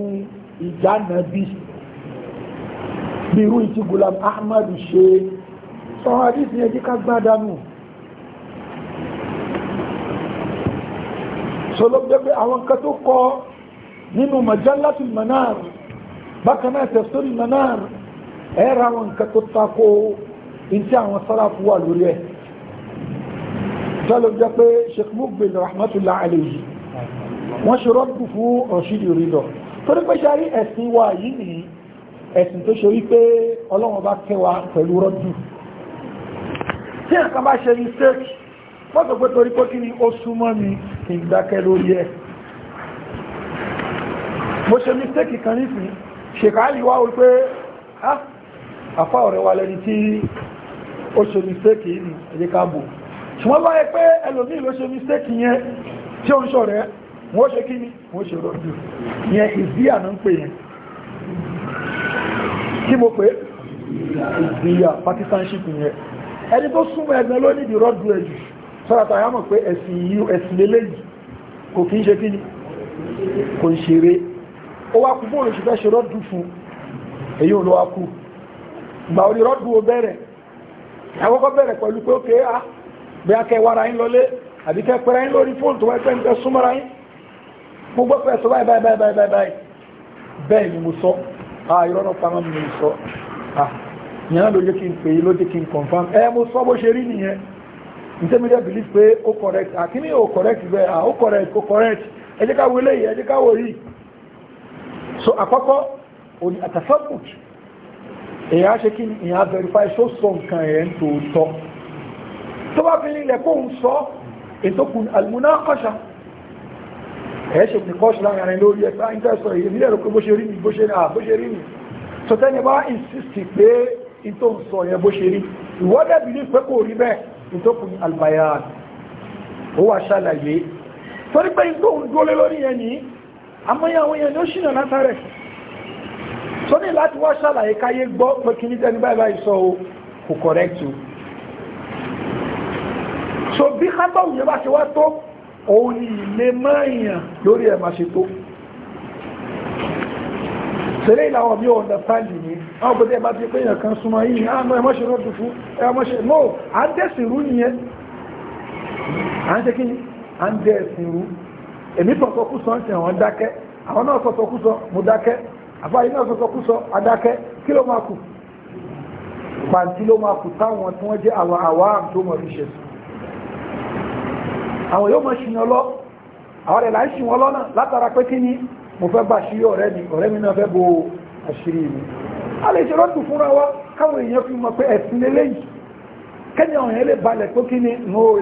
ìjánabí bí irú ìtí Gulam Ahmad ṣe sọ́rọ̀ àdísì ẹjí ká gbádánù sọlọ́gbẹ́ pé àwọn kan tó kọ nínú Majallatul Manar bákanáà Tafsirul Manar ẹ̀rọ àwọn kan tó takò ìtí àwọn sáràfù wà lórí ẹ̀ sọlọ́gbẹ́ pé Sheikh Mukbil rahmatullahi alayhi wọ́n ṣe rọ́pù fún ọ̀ṣídìí rídọ̀ torí pé ṣe àrí ẹ̀sìn wa yìí nìyí ẹ̀sìn tó ṣe wípé ọlọ́wọ́n bá kẹwa pẹ̀lú rọ́dù tí ẹ̀kan bá ṣe mistake mọ́tò pé torí pé ni ó súnmọ́ mi kì í dákẹ́ lórí ẹ̀ mo ṣe mistake kan nísìn ṣèkáàlì wá wí pé àfá ọ̀rẹ́ wa lẹni tí ó ṣe mistake yìí ni ẹ̀jẹ̀ ká bò ṣùgbọ́n bá yẹ pé ẹlòmíì ló ṣe mistake yẹn tí ó ń ṣọ̀rẹ́ wọ́n ṣe kí ni wọ́n ṣe rọ́dù yẹn ìdí àná ń pè yẹn kí mo pé ìgbìyà partisanship yẹn ẹni tó súnmọ́ ẹgbẹ́ ló ní ìdírọ́dù ẹ̀jù sọ́rọ̀tà yá mọ̀ pé ẹ̀sìn yíò ẹ̀sìn lélẹ̀ yìí kò kí ń ṣe kí ni kò ń ṣeré ó wá kú ṣùgbẹ́ ṣe rọ́dù fún èyí ò kú gbà orí rọ́dù ó bẹ̀rẹ̀ àkọ́kọ́ bẹ̀rẹ̀ pẹ̀lú pé á bí a yín lọlé àbí yín lórí fóònù tó sọ báyìí báyìí báyìí báyìí bẹ́ẹ̀ ni àìrọ́nà ah, pàmọ́ mi sọ ah, ìyẹn ló jẹ́ kí n pè é ló jẹ́ kí n confam ẹ eh, mo sọ bó ṣe rí nìyẹn intermediate belief pé ó correct àkíní ah, ó correct bẹ́ẹ̀ à ó correct ó correct ẹ jẹ́ ká wọlé yìí ẹ jẹ́ ká wò yìí so àkọ́kọ́ òní àtàfẹ́kùt èyí á ṣe kí ni ìyẹn á verify ṣó sọ nǹkan ẹ̀ ń tòótọ́ tó bá fi nílẹ̀ kóhun sọ ètò kùn almunaqasha ẹ̀ṣẹ̀ ní kọ́ṣù láàrin lórí ẹ̀ta ìtẹ́sọ̀ ìrìnlẹ̀ rẹ̀ bó ṣe rí ní bó ṣe rí àbó ṣe rí ní so tẹ́ni bá insisti pé in tó ń sọ yẹn bó ṣe rí ìwọ́dẹ̀ bí ní pé kò rí bẹ́ẹ̀ in tó kù ní albayan ó wà ṣàlàyé torí pé in tó ń dúró lórí yẹn ní amóyá àwọn yẹn ni ó ṣìnà látàrẹ̀ tó ní láti wá ṣàlàyé káyé gbọ́ pé kí ní tẹ́ni báyìí báyìí sọ o kò correct o so bí kábọ̀ òun yẹn bá ṣe wá tó òun ni ilé máyàn lórí ẹ̀mà ṣètò tẹ́lẹ̀ ìlàwọ̀ bí ọ̀dà sáàlì ní àwọn ọgbẹ̀dẹ̀ bá ti pé èèyàn kan súnmọ́ yìí àmọ́ ẹmọ́ṣẹ́ rọ́dù fún ẹmọ́ṣẹ́ no à ń dẹ̀sìn rú nìyẹn à ń ṣe kí ni à ń dẹ̀sìn rú èmi sọ̀tọ̀kúsọ ń tẹ̀wọ̀n dákẹ́ àwọn náà sọ̀tọ̀kúsọ mo dákẹ́ àbáyé náà sọ̀tọ̀kúsọ adákẹ́ kí ló máa kù pàǹtí ló máa kù táwọn tí wọ́n jẹ́ àwọn àwa àmì tó mọ̀ fi ṣe sí àwọn yóò mọ̀ ṣìyàn lọ àwọn rẹ̀ láì ṣìwọ́n lọ́nà látara pé kí ni mo fẹ́ bá ṣírí ọ̀rẹ́ mi ọ̀rẹ́ mi náà fẹ́ bo àṣírí mi a lè ṣe rọ́tù fúnra wa káwọn èèyàn fi mọ̀ pé ẹ̀sìn eléyìí kẹ́ni àwọn èèyàn lè balẹ̀ pé kí ni no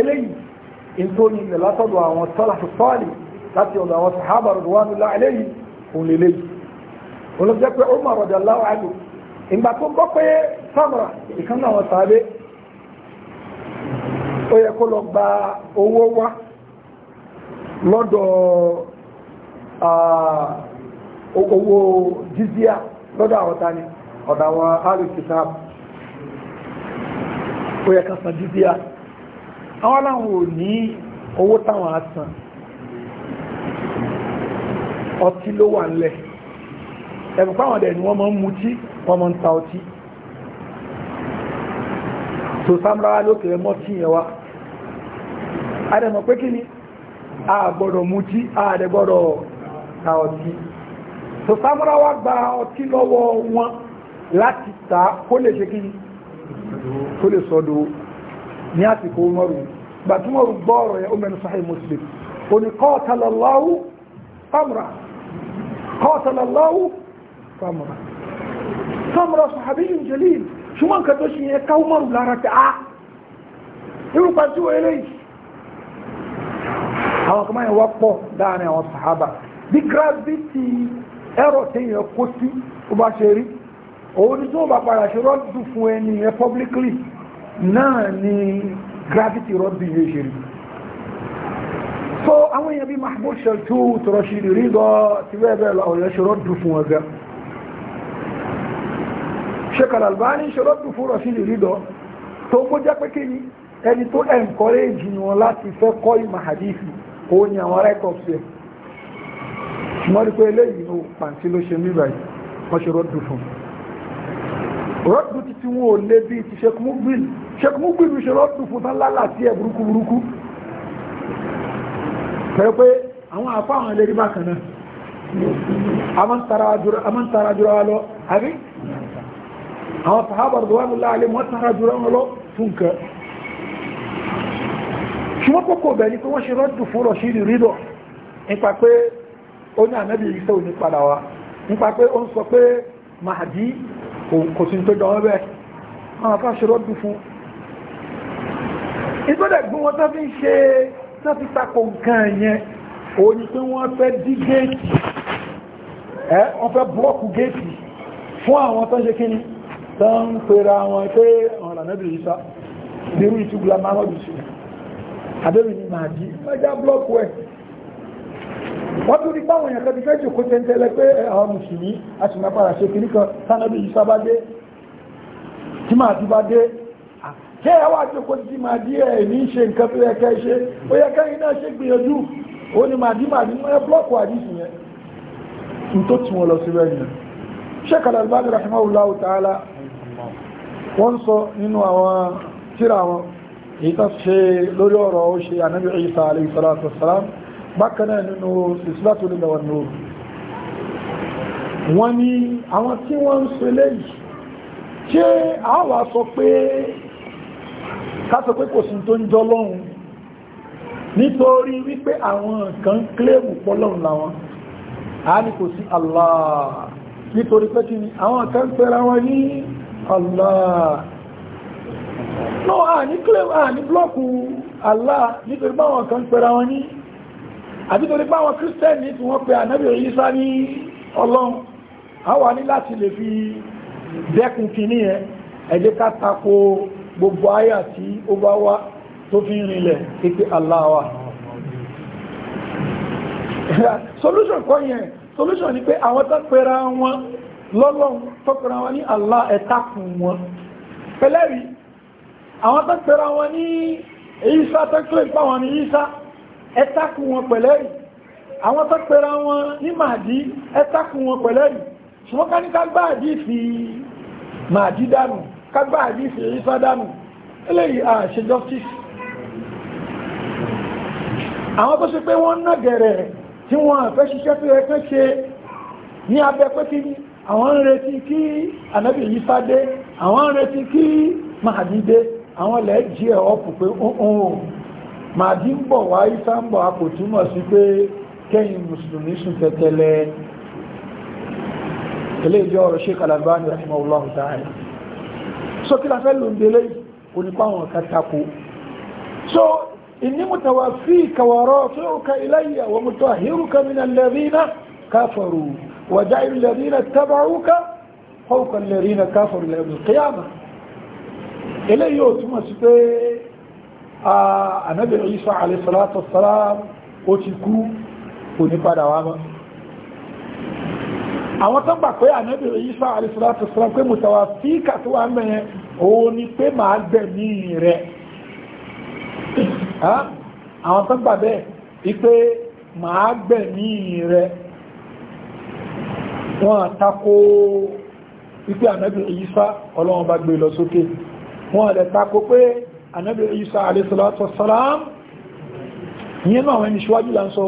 eléyìí láti ọ̀dọ̀ àwọn sàhábà rẹ̀ wà òun lè léyìí olùjẹ́ pé ó mọ̀ rọ̀dà láwàá ìgbà tó gbọ́ pé sábà ìkan náà wọ́n sáré ó yẹ kó lọ gba owó wá lọ́dọ̀ owó jizíà lọ́dọ̀ àwọn tani ọ̀dọ̀ àwọn alùsìsáà ó yẹ ká san jizíà àwọn aláwọ̀ ní owó táwọn ọtí ló wà ẹ̀bùn fáwọn ọ̀dẹ̀ ni wọ́n mọ́ ń mutí wọ́n mọ́ ń ta ọtí tó sámúráwá lókèrè mọ́ tí yẹn wá pé kí ni a gbọ́dọ̀ mutí a dẹ̀ gbọ́dọ̀ ta ọtí tó sámúráwá gba ọtí lọ́wọ́ wọn láti ta kó lè ṣe kí ni kó lè sọ́dọ̀ ní àsìkò mọ́rù gbàtúmọ̀rù Muslim ó ní qatalallahu amra qatalallahu samura samura sahabiyun jalil ṣùgbọ́n nǹkan tó ṣe yẹn ká umaru lára pé a ah! irú pàtí wo eléyìí àwọn kan máa yẹn wá pọ̀ láàrin àwọn sahaba bí gravity ẹ̀rọ ni tí wọ́n bá padà ṣe fún ẹni yẹn publicly náà ni gravity rọ́dù yẹn ṣe so àwọn èèyàn bí mahmoud sheltu tọrọ ṣe rí gan ti bẹ́ẹ̀ bẹ́ẹ̀ lọ ọ̀yọ́ ṣe rọ́dù fún ọgá Sheikh Al-Albani ṣe rọ́pù fún rọ̀sílì rídọ́ tó kó jẹ́ pé kí ni ẹni tó encourage wọn láti fẹ́ kọ́ ìmọ̀ hadithi kó ní àwọn records ẹ̀ wọ́n rí pé eléyìí ló pàǹtí ló ṣe níbà yìí wọ́n ṣe rọ́pù fún rọ́pù títí wọn ò lé bí ti Sheikh Mukbil ṣe rọ́pù fún tán lálà àwọn sàhábà rọ̀dọ̀wánù láàrin wọ́n tàrà jùlọ wọn lọ fún nǹkan ṣùgbọ́n kókò bẹ̀ ni pé wọ́n ṣe rọ́dù fún rọ̀ sí ìrírọ̀ nípa pé ó ní ànábì iṣẹ́ òní padà wá nípa pé ó ń sọ pé mahadi kò sí tó dán bẹ́ẹ̀ àwọn afá ṣe rọ́dù fún ìtọ́dẹ̀ gbọ́n wọn tó ń ṣe tó ni tó ń pèrà wọn pé ọ̀rọ̀ ànábì Ìsá nírú ìtúgbùlá mahamadu sí àbẹ́rẹ̀ ní máa jí ọjá blọ́ọ̀kù ẹ̀ wọ́n tún rí báwọn èèyàn kan ti fẹ́ jòkó tẹ́ntẹ́lẹ́ pé àwọn mùsùlùmí a sì máa padà ṣe kìíní kan tánábì Ìsá bá dé tí máa ti bá dé kẹ́ ẹ̀ wá jòkó tí máa dí ẹ̀ ní ṣe nǹkan tó yẹ kẹ́ ṣe ó yẹ kẹ́yìn náà ṣe gbìyànjú ó ní máa dí máa dí mọ́ ẹ blọ́ọ̀kù àdìsì yẹn tó tí Sheikh Al-Albani rahimahullahu ta'ala wọ́n sọ nínú àwọn tíra wọn èyí tó ṣe lórí ọ̀rọ̀ ó ṣe ànábì Isa alayhi salatu wassalam bákan náà nínú ìsìlátò nílẹ̀ wọn lóòrù wọ́n ní àwọn tí wọ́n ń sọ eléyìí ṣé àwa sọ pé ká sọ pé kò sí tó ń jọ nítorí wípé àwọn kan kílèmù pọ́lọ́hùn làwọn àá ní kò sí Allah nítorí pé kí ni àwọn kan pẹ̀lá wọn ní Allah no a ní claim a blọ́ọ̀kù Allah nítorí pé àwọn kan pẹ̀lá wọn ní àti torí pé àwọn Christian ní tí wọ́n pe ànábì Ìsá ní ọlọ́run a wà ní láti lè fi dẹ́kun kìíní ẹ ẹ jẹ́ ká tako gbogbo ayà tí ó bá wá tó fi ń rinlẹ̀ kéte Allah wa solution kọ́ yẹn solution ni pé àwọn tó pera wọn lọ́lọ́run tó pera wọn ní Allah ẹ̀tàkùn wọn pẹlẹ́rì àwọn tó pera wọn ní Ìsá tó kílè pa wọn ní Ìsá ẹ̀tàkùn wọn pẹlẹ́rì àwọn tó pera wọn ní Mahdi ẹ̀tàkùn wọn pẹlẹ́rì ṣùgbọ́n ká ní ká gbá àdífì Mahdi justice àwọn tó ṣe pé wọ́n ná gẹ̀rẹ̀ tí wọ́n fẹ́ ṣiṣẹ́ tó yẹ kán ṣe ní abẹ́ pé kí àwọn ń retí kí ànábì yìí sáde àwọn ń retí kí Mahdi dé àwọn ilẹ̀ jí ẹ̀ ọ́pù pé oòrùn Mahdi ń bọ̀ wá isa ń bọ̀ a kò túmọ̀ sí pé kẹ́yìn mùsùlùmí sùn tẹ́tẹ́lẹ́ ilé ìjọ ọ̀rọ̀ ṣe kàlàbá ní rahimahullahu ta'ala so kí la fẹ́ lòndélé onípa àwọn kan tako so إني متوفيك ورافعك إلي ومطهرك من الذين كفروا وجعل الذين اتبعوك فوق الذين كفروا إلى يوم القيامة إلي يوتم سبي النبي عيسى عليه الصلاة والسلام وتكو ونقعد عواما àwọn tó gbà pé ànábì Ìsá alayhi salatu wassalam pé mùtàwà fíkà tó wà mẹ́ òun ni pé màá gbẹ̀mí rẹ̀ àwọn tó gbà bẹ́ẹ̀ wípé màá gbẹ̀mí rẹ̀ wọ́n tako wípé ànábì Ìsá ọlọ́wọ́n bá gbé lọ sókè wọ́n lẹ̀ tako pé ànábì Ìsá alayhi salatu wassalam yínú àwọn ẹni ṣíwájú là ń sọ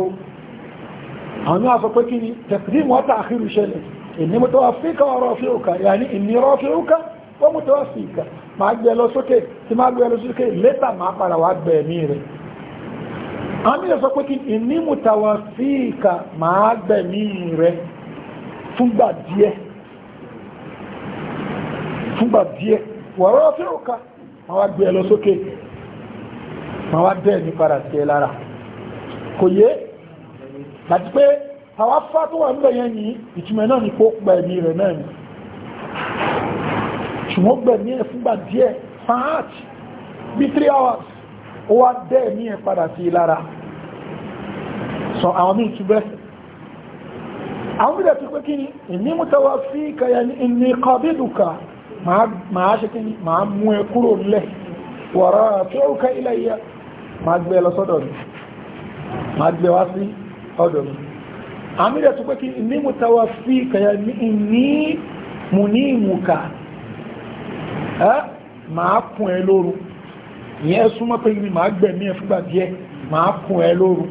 àwọn ní àfẹ́ pé kí ni taqdim wa ta'khir ṣẹlẹ̀ inni mutawaffika wa rafi'uka yani inni rafi'uka wa mutawaffika màá gbé lọ sókè tí máa gbé ẹlú sókè lẹ́tà máa padà wá gbẹ̀ mí rẹ̀ àmì ìsọ pé kí ìní mùtàwà sí ìkà máa gbẹ̀ mí rẹ̀ fúngbà díẹ̀ fúngbà díẹ̀ wọ̀rọ̀ fíruka máa wá gbé sókè máa wá dẹ̀ ní padà sí ẹ lára kò yé àti pé àwọn afá tó wà nílẹ̀ yẹn ní ìtumẹ̀ náà ni kó gbẹ̀mí rẹ̀ náà ni ṣùgbọ́n gbẹ̀mí ẹ̀ fúngbà díẹ̀ saat bí 3 hours ó wá dẹ́ ní ẹ̀ padà sí lára sọ àwọn míì tún bẹ́ẹ̀ àwọn míì tún pé kí ni ìní mútawà sí ìkàyà ní kọbídùkà máa ṣe kí ni máa mú ẹ kúrò lẹ̀ wọ̀rọ̀ tí ó ká ilẹ̀ yẹ máa gbé lọ sọ́dọ̀ mi máa gbé wá sí ọ̀dọ̀ mi àwọn míì tún pé kí ni ìní mútawà sí ìkàyà ní mú ní ìmùkà máa kùn ẹ lóru ìyẹn súnmọ́ pé ní máa gbẹ̀mí ẹ fúgbà díẹ̀ máa kùn ẹ lóru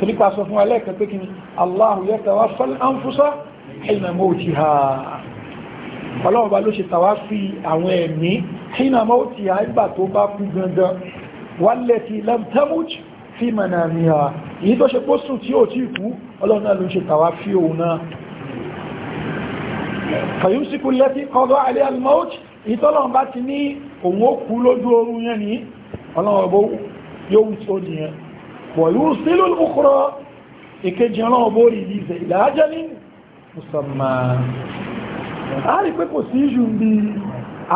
torípa sọ fún alẹ́ẹ̀kan pé kí ni Allahu yatawaffal anfusa hina mawtiha ọlọ́ọ̀bá ló ṣe tàwá fi àwọn ẹ̀mí hina mawtiha ìgbà tó bá kú gangan wallati lam tamut fi manamiha èyí tó ṣe bá ti ní òun ó kú lójú oorun yẹn ní ọlọ́run ọbọ̀ yóò wù tó nìyẹn pọ̀ yóò sílò lókùrọ̀ ìkejì ọlọ́run ọbọ̀ rí ìlíṣẹ̀ ìlàájẹ́ ní musamman a rí pé kò sí ìṣù bí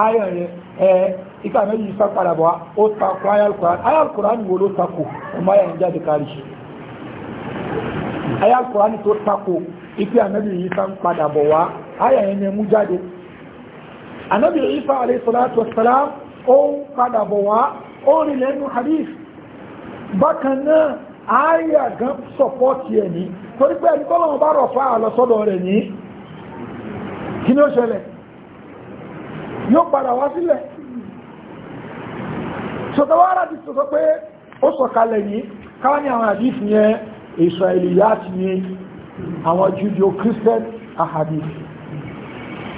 ayọ̀ yẹn ẹ ìgbà méjì sá padà bọ̀ ó takò ayálùkùrán ayálùkùrán wo ló takò ọmọ ayà ń jáde kárí tó takò ìpé àmẹ́bì sá ń padà wá ayà ni mú jáde anábì Ìsá alayhi salatu wassalam ó ń padà bọ̀ wá ó rí lẹ́nu hadith bákan náà àáyà gan sọ̀pọ̀tì ẹ̀ ní torí pé ẹni tọ́lọ́wọ́n bá rọ̀ fà á lọ sọ́dọ̀ rẹ̀ ní kí ni ó ṣẹlẹ̀ yóò padà wá sílẹ̀ ṣọ̀tọ̀wárá ti sọ pé ó sọ̀kalẹ̀ yìí káwà ní àwọn hadith yẹn Israeli yá ti ní àwọn Judeo-Christian ahadith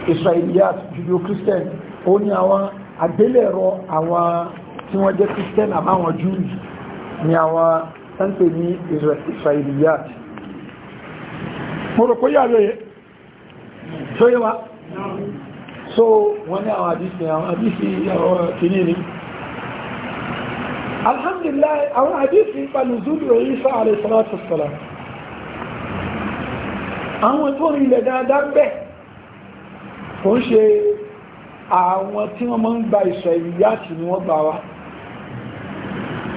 israeliyat judeo-christian ó ní àwọn àgbélẹ̀rọ àwọn tí wọ́n jẹ́ christian àbáwọn jews ní àwọn tẹ́ǹpẹ̀ ní israeliyat mo rò pé yàrá yẹ tó yẹ wa so wọ́n ní àwọn àdísì àwọn àdísì àwọn kìíní ni alhamdulillah àwọn àdísì pẹ̀lú zulu Isa alayhi salatu wassalam àwọn tó rí ilẹ̀ dáadáa bẹ́ẹ̀ kò ń ṣe àwọn tí wọ́n mọ́ ń gba ìsọ̀ ìyáàtì ni wọ́n gbà wá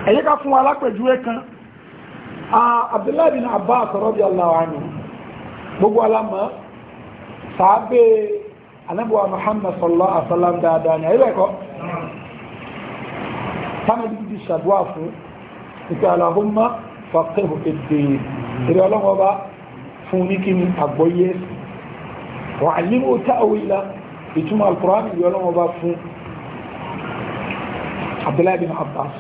ẹ jẹ́ ká fún wa lápẹ̀júwé kan Abdullahi bin Abbas radiyallahu anhu gbogbo alamọ́ sàábé anábíwá Muhammad sallallahu alaihi wasallam dáadáa ni àyíwẹ̀kọ́ tánàbí ti ṣàdúwà fún ìpé Allahumma faqihu fid-din ìrẹ́ ọlọ́wọ́ bá fún ní kí ni àgbọ́yé sí wọ́n àlímò táwìlá ìtumọ̀ alkùránì yọ lọ́wọ́ bá fún abdullahi bin abbas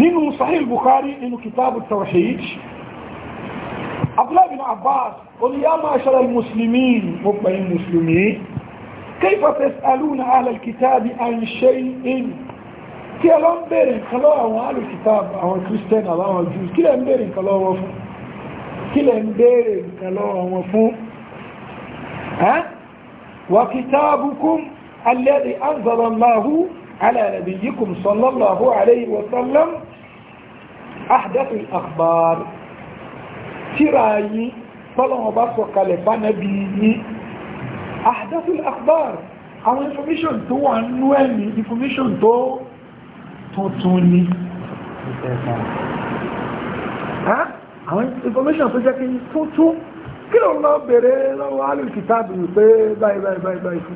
nínú sahih bukhari nínú kitabu tawhid abdullahi bin abbas oníyá máa ṣẹlẹ̀ musulmi mo pẹ̀lú musulmi كيف تسألون أهل الكتاب عن شيء kí ẹ lọ ń bèèrè nǹkan lọ́wọ́ àwọn alùkìtàb àwọn christian àbáwọn jews kí lẹ ń bèèrè nǹkan lọ́wọ́ wọn fún kí lẹ ń bèèrè nǹkan lọ́wọ́ wọn fún ها وكتابكم الذي أنزل الله على نبيكم صلى الله عليه وسلم أحدث الأخبار تراي فلما بس وقلبا نبي أحدث الأخبار أو information tó wà nú ẹ̀mí information tó tuntun ها أو information tó jẹ́ kí kí ló lọ bèrè lọ́wọ́ alùkìtàbù pé báyìí báyìí báyìí báyìí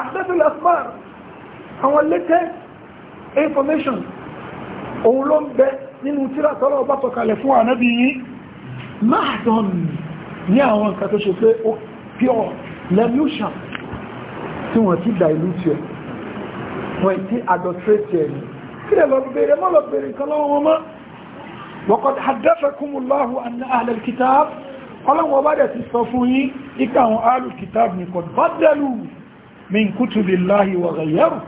àtẹ́fẹ́lẹ̀ smart àwọn latest information òun ló ń bẹ nínú tíra tọ́lọ̀ ọba tọ̀kalẹ̀ fún ànábì yìí máa dán ní àwọn nǹkan tó ṣe pé ó pure lẹ́múṣàn tí wọ́n ti dilute ẹ̀ wọ́n ti adulterate ẹ̀ kí lè lọ bèrè mọ́ lọ bèrè nǹkan lọ́wọ́ wọn mọ́ wọ́kọ̀ àdẹ́fẹ́kùnmùláhù àná àlẹ́ kìtàbù ọlọ́wọ́ bá dẹ̀ ti sọ fún yín ikà àwọn alùkìtàb ní kọ̀dù bá dẹ̀lú min kútùbí láhì wà gẹ̀yẹ̀rù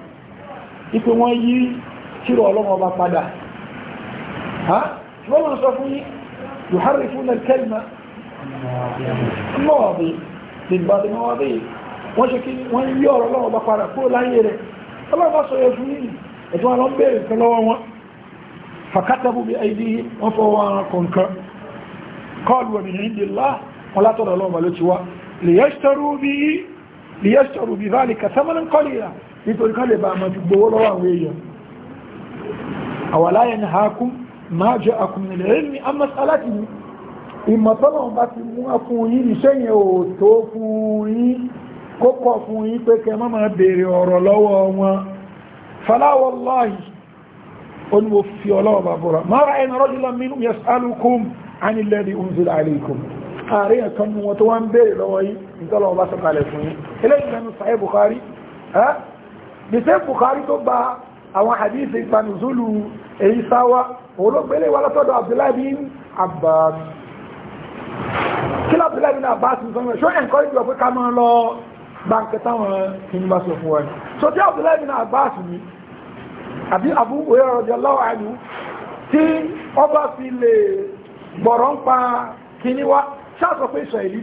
ipé wọ́n yí tírà ọlọ́wọ́ bá padà ha ṣùgbọ́n sọ fún yín yóò hárí fún ẹ̀kẹ́lìmá mọ́wàbí ìgbàdì mọ́wàbí wọ́n ṣe kí wọ́n yí ọ̀rọ̀ ọlọ́wọ́ wọn fàkátàbù bí àìdí kọlu wa min indillah wọn látọ̀dọ̀ ọlọ́run ló ti wá liyashtaru bi dhalika thamanan qalila nítorí kan lè bá a máa fi gbowó lọ́wọ́ àwọn èèyàn awala yanhakum ma ja'akum min al-ilmi an mas'alatihi ìmọ̀ tọ́lọ̀wọ́n bá ti mú fún yín iṣẹ́ yẹn ò tó fún yín fi ọlọ́wọ́ bàbúrà mara ẹ̀nà rajulan minhum yas'alukum anilẹ́rí oúnjẹ àríkùn ààrẹ ẹ̀kan mú wọn tó wá ń bèèrè lọ́wọ́ yìí nítọ́lọ̀ wọn bá sọ̀kalẹ̀ fún yìí eléyìí lẹ́nu sahih Bukhari the same Bukhari tó gba àwọn hadith ìpanuzulu èyí sáwá olóògbélé wà látọ̀dọ̀ Abdullahi bin Abbas kí Abdullahi bin Abbas ń sọ́nà ṣó tí ọba fi lè gbọ̀rọ̀ mpa kiniwa kíní pé ìsọ̀ẹ̀lì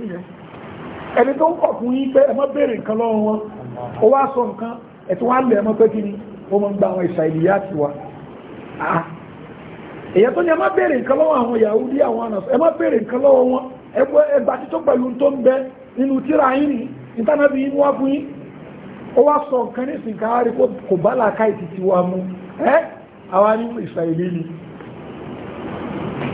ẹni tó ń kọ̀ fún yí ẹmọ́ béèrè nǹkan lọ́wọ́ wọn ó wá sọ nǹkan ẹ̀tún wá lè ẹmọ́ ó mọ́ ń gba àwọn ìsọ̀ẹ̀lì yá ti wá ah. èyàn tó ní ẹmọ́ béèrè nǹkan lọ́wọ́ àwọn Yahudi àwọn ẹmọ́ nǹkan lọ́wọ́ wọn ẹgbà títọ́ pẹ̀lú tó ń bẹ nínú tíra yín wá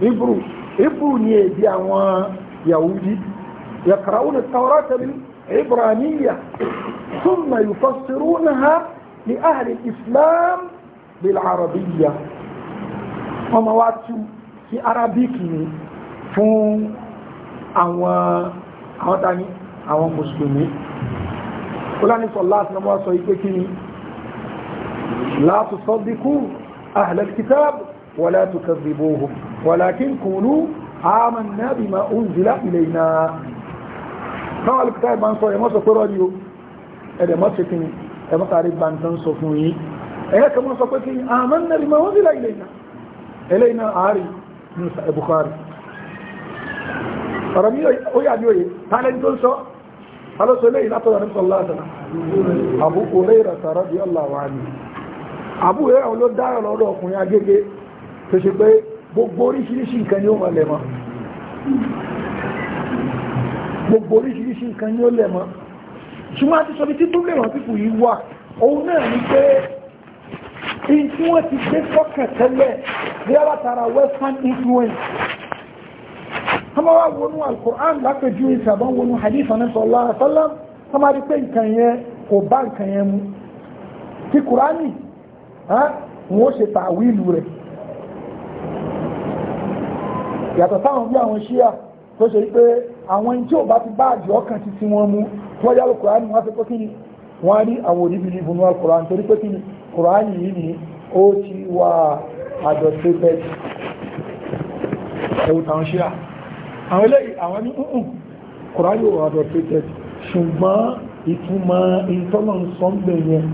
hebrew hebrew ni èdè àwọn yahudi yaqra'una at-taurata bil-ibraniyya thumma yufassirunaha li ahli al-islam bil-arabiyya wọ́n máa wá tú sí arabic ni fún àwọn àwọn tani àwọn mùsùlùmí kúlání sọ̀lá àti nàmọ́ sọ ipé kí ni la tusaddiqu ahlal kitab wa la ولكن قولوا آمنا بما أنزل إلينا قال الكتاب بان صوي ما سوى إذا هذا ما سكني ما تعرف بان تنسو فوني هذا كمان سوى آمنا بما أنزل إلينا إلينا عاري من البخاري رمي او يعني ايه تعالى انت سو قال سو ليه لا تقول صلى الله عليه وسلم ابو هريره رضي الله عنه ابو هريره لو دار لو دو كون يا gbogbo oríṣiríṣi nǹkan ni ó mọ̀ lẹ́mọ́ gbogbo oríṣiríṣi nǹkan ni ó lẹ́mọ́ ṣùgbọ́n àti sọbi tí problem of people yìí wà òun náà ni pé in tí wọ́n ti gbé sọ́kàn tẹ́lẹ̀ bí a látara western influence ọmọ wa wọnú al-Qur'an lápẹjú ìsàbọ̀n wọnú hadith ọ̀nà sọ̀lá àtọ́lá ọmọ rí pé nǹkan yẹn kò bá nǹkan yẹn mu ti kùránì wọ́n ṣe tàwílù rẹ̀ yàtọ̀ sáwọn bí àwọn ṣíà tó ṣe pé àwọn ẹni tí ò bá ti bá àjọ ọkàn ti ti wọn mú tó yá lókùrá ní wọ́n ti kó kíni wọ́n rí àwọn oníbìlì ìbùnú alkùrá nítorí pé kíni kùránì yìí ni ó ti wà àjọṣe bẹ́ẹ̀ ẹ̀wù táwọn ṣíà àwọn eléyìí àwọn ní ǹǹ kùránì ò àjọṣe bẹ́ẹ̀ ṣùgbọ́n ìtumọ̀ ìtọ́nà sọ́ńgbẹ̀ yẹn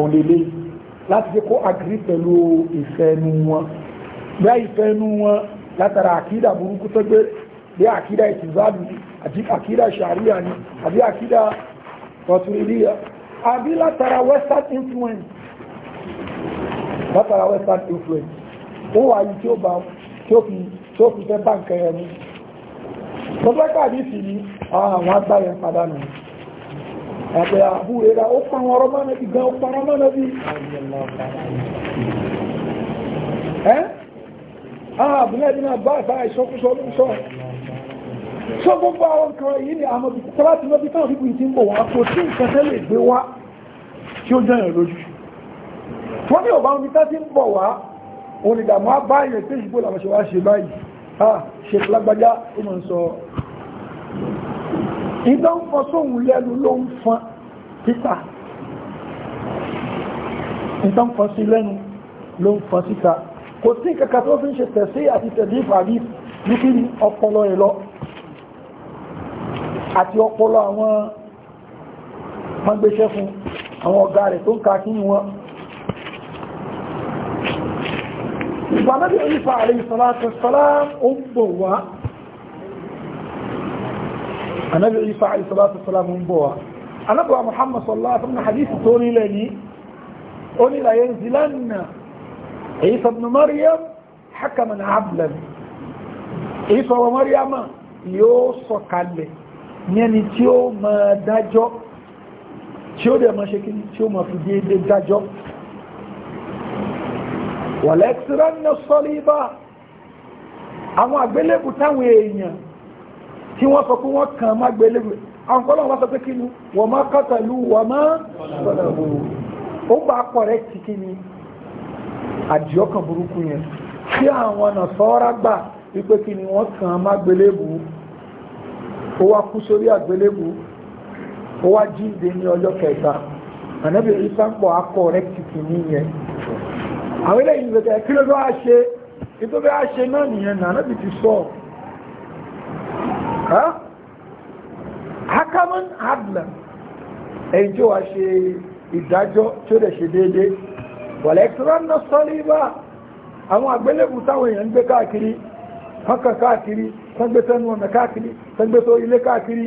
òǹlélẹ́yìí láti fi kó agiri pẹ̀lú ìfẹ́nu wọn bẹ́ẹ̀ ìfẹ́nu wọn látara akida burúkú tó gbé bí àkídà ìtìzáàdù àti àkídà ṣàríà akida àbí àkídà àbí látara western influence látara western influence o wà yìí tí ó tí ó fi fẹ́ bá nǹkan ẹ̀mú tọ́fẹ́kà ní sí ni àwọn agbáyẹ̀ padà nù àbẹ̀ àbúrẹ́ra ó pàwọn ọ̀rọ̀ bí gan ó àbúlẹ́dínà bá àṣà ìṣọ́kúṣọ́ ló ń sọ sọ gbogbo àwọn kan yìí ni àmọ́ bí tọ́lá ti mọ́ bí táwọn fífi ti ń bọ̀ wá kò sí nǹkan tẹ́lẹ̀ o wá tí ó jẹ́yàn lójú wọ́n ní ọ̀bá omi tá ti ń bọ̀ wá onídàmọ́ báyìí pé ìgbó làwọn ṣe wá ṣe báyìí ah, ṣe lágbájá ó mọ̀ ń sọ ìdán fọ́ sóhun lẹ́nu ló ń fọn títà ìdán kò sí kankan tó fi ń ṣe tẹ̀sí àti tẹ̀lé ìfàdí níbi ọpọlọ ẹ̀ lọ àti ọpọlọ àwọn mọ́gbéṣẹ́ fún àwọn ọ̀gá rẹ̀ tó ń ka kí wọn ìgbà náà bí onífà àrẹ ìsọ́látọ̀ sọ́lá ó ń bọ̀ wá anabi isa alayhi salatu hadith tó nílẹ̀ ní ó zilanna عيسى ابن مريم حكما عدلا عيسى ومريم يوصك عليه يعني تيو ما داجو تيو دي ما شكين تيو ما في دي, دي داجو ولكسرن الصليب àwọn àgbélébù táwọn èèyàn tí wọ́n sọ pé wọ́n kàn má gbélébù àwọn kọ́lọ̀ wọ́n sọ pé kí ni wọ́n má kọ́tàlú wọ́n má ó gbà pọ̀ rẹ̀ kìkí ni àdìọ́kàn burúkú yẹn tí àwọn nàṣọ́ra gbà wípé kí ni wọ́n kàn án má gbélébù ó wá kú sórí àgbélébù ó wá jíǹde ní ọjọ́ kẹta ànábì Ìsá ń pọ̀ akọ rẹ̀ kìkì nìyẹn àwọn eléyìí ń gbẹ̀tẹ̀ kí ló bá a ṣe ètò bá a ṣe náà nìyẹn nà ànábì ti sọ hakaman adlan ẹ̀yìn tí ó wá ṣe ìdájọ́ tí ó dẹ̀ ṣe déédéé wàlẹ́tìrán sọ́líbà àwọn àgbélébù táwọn èèyàn ń gbé káàkiri hankan káàkiri sẹ́gbẹ́ tẹ́nu ọ̀nà káàkiri sẹ́gbẹ́ tó ilé káàkiri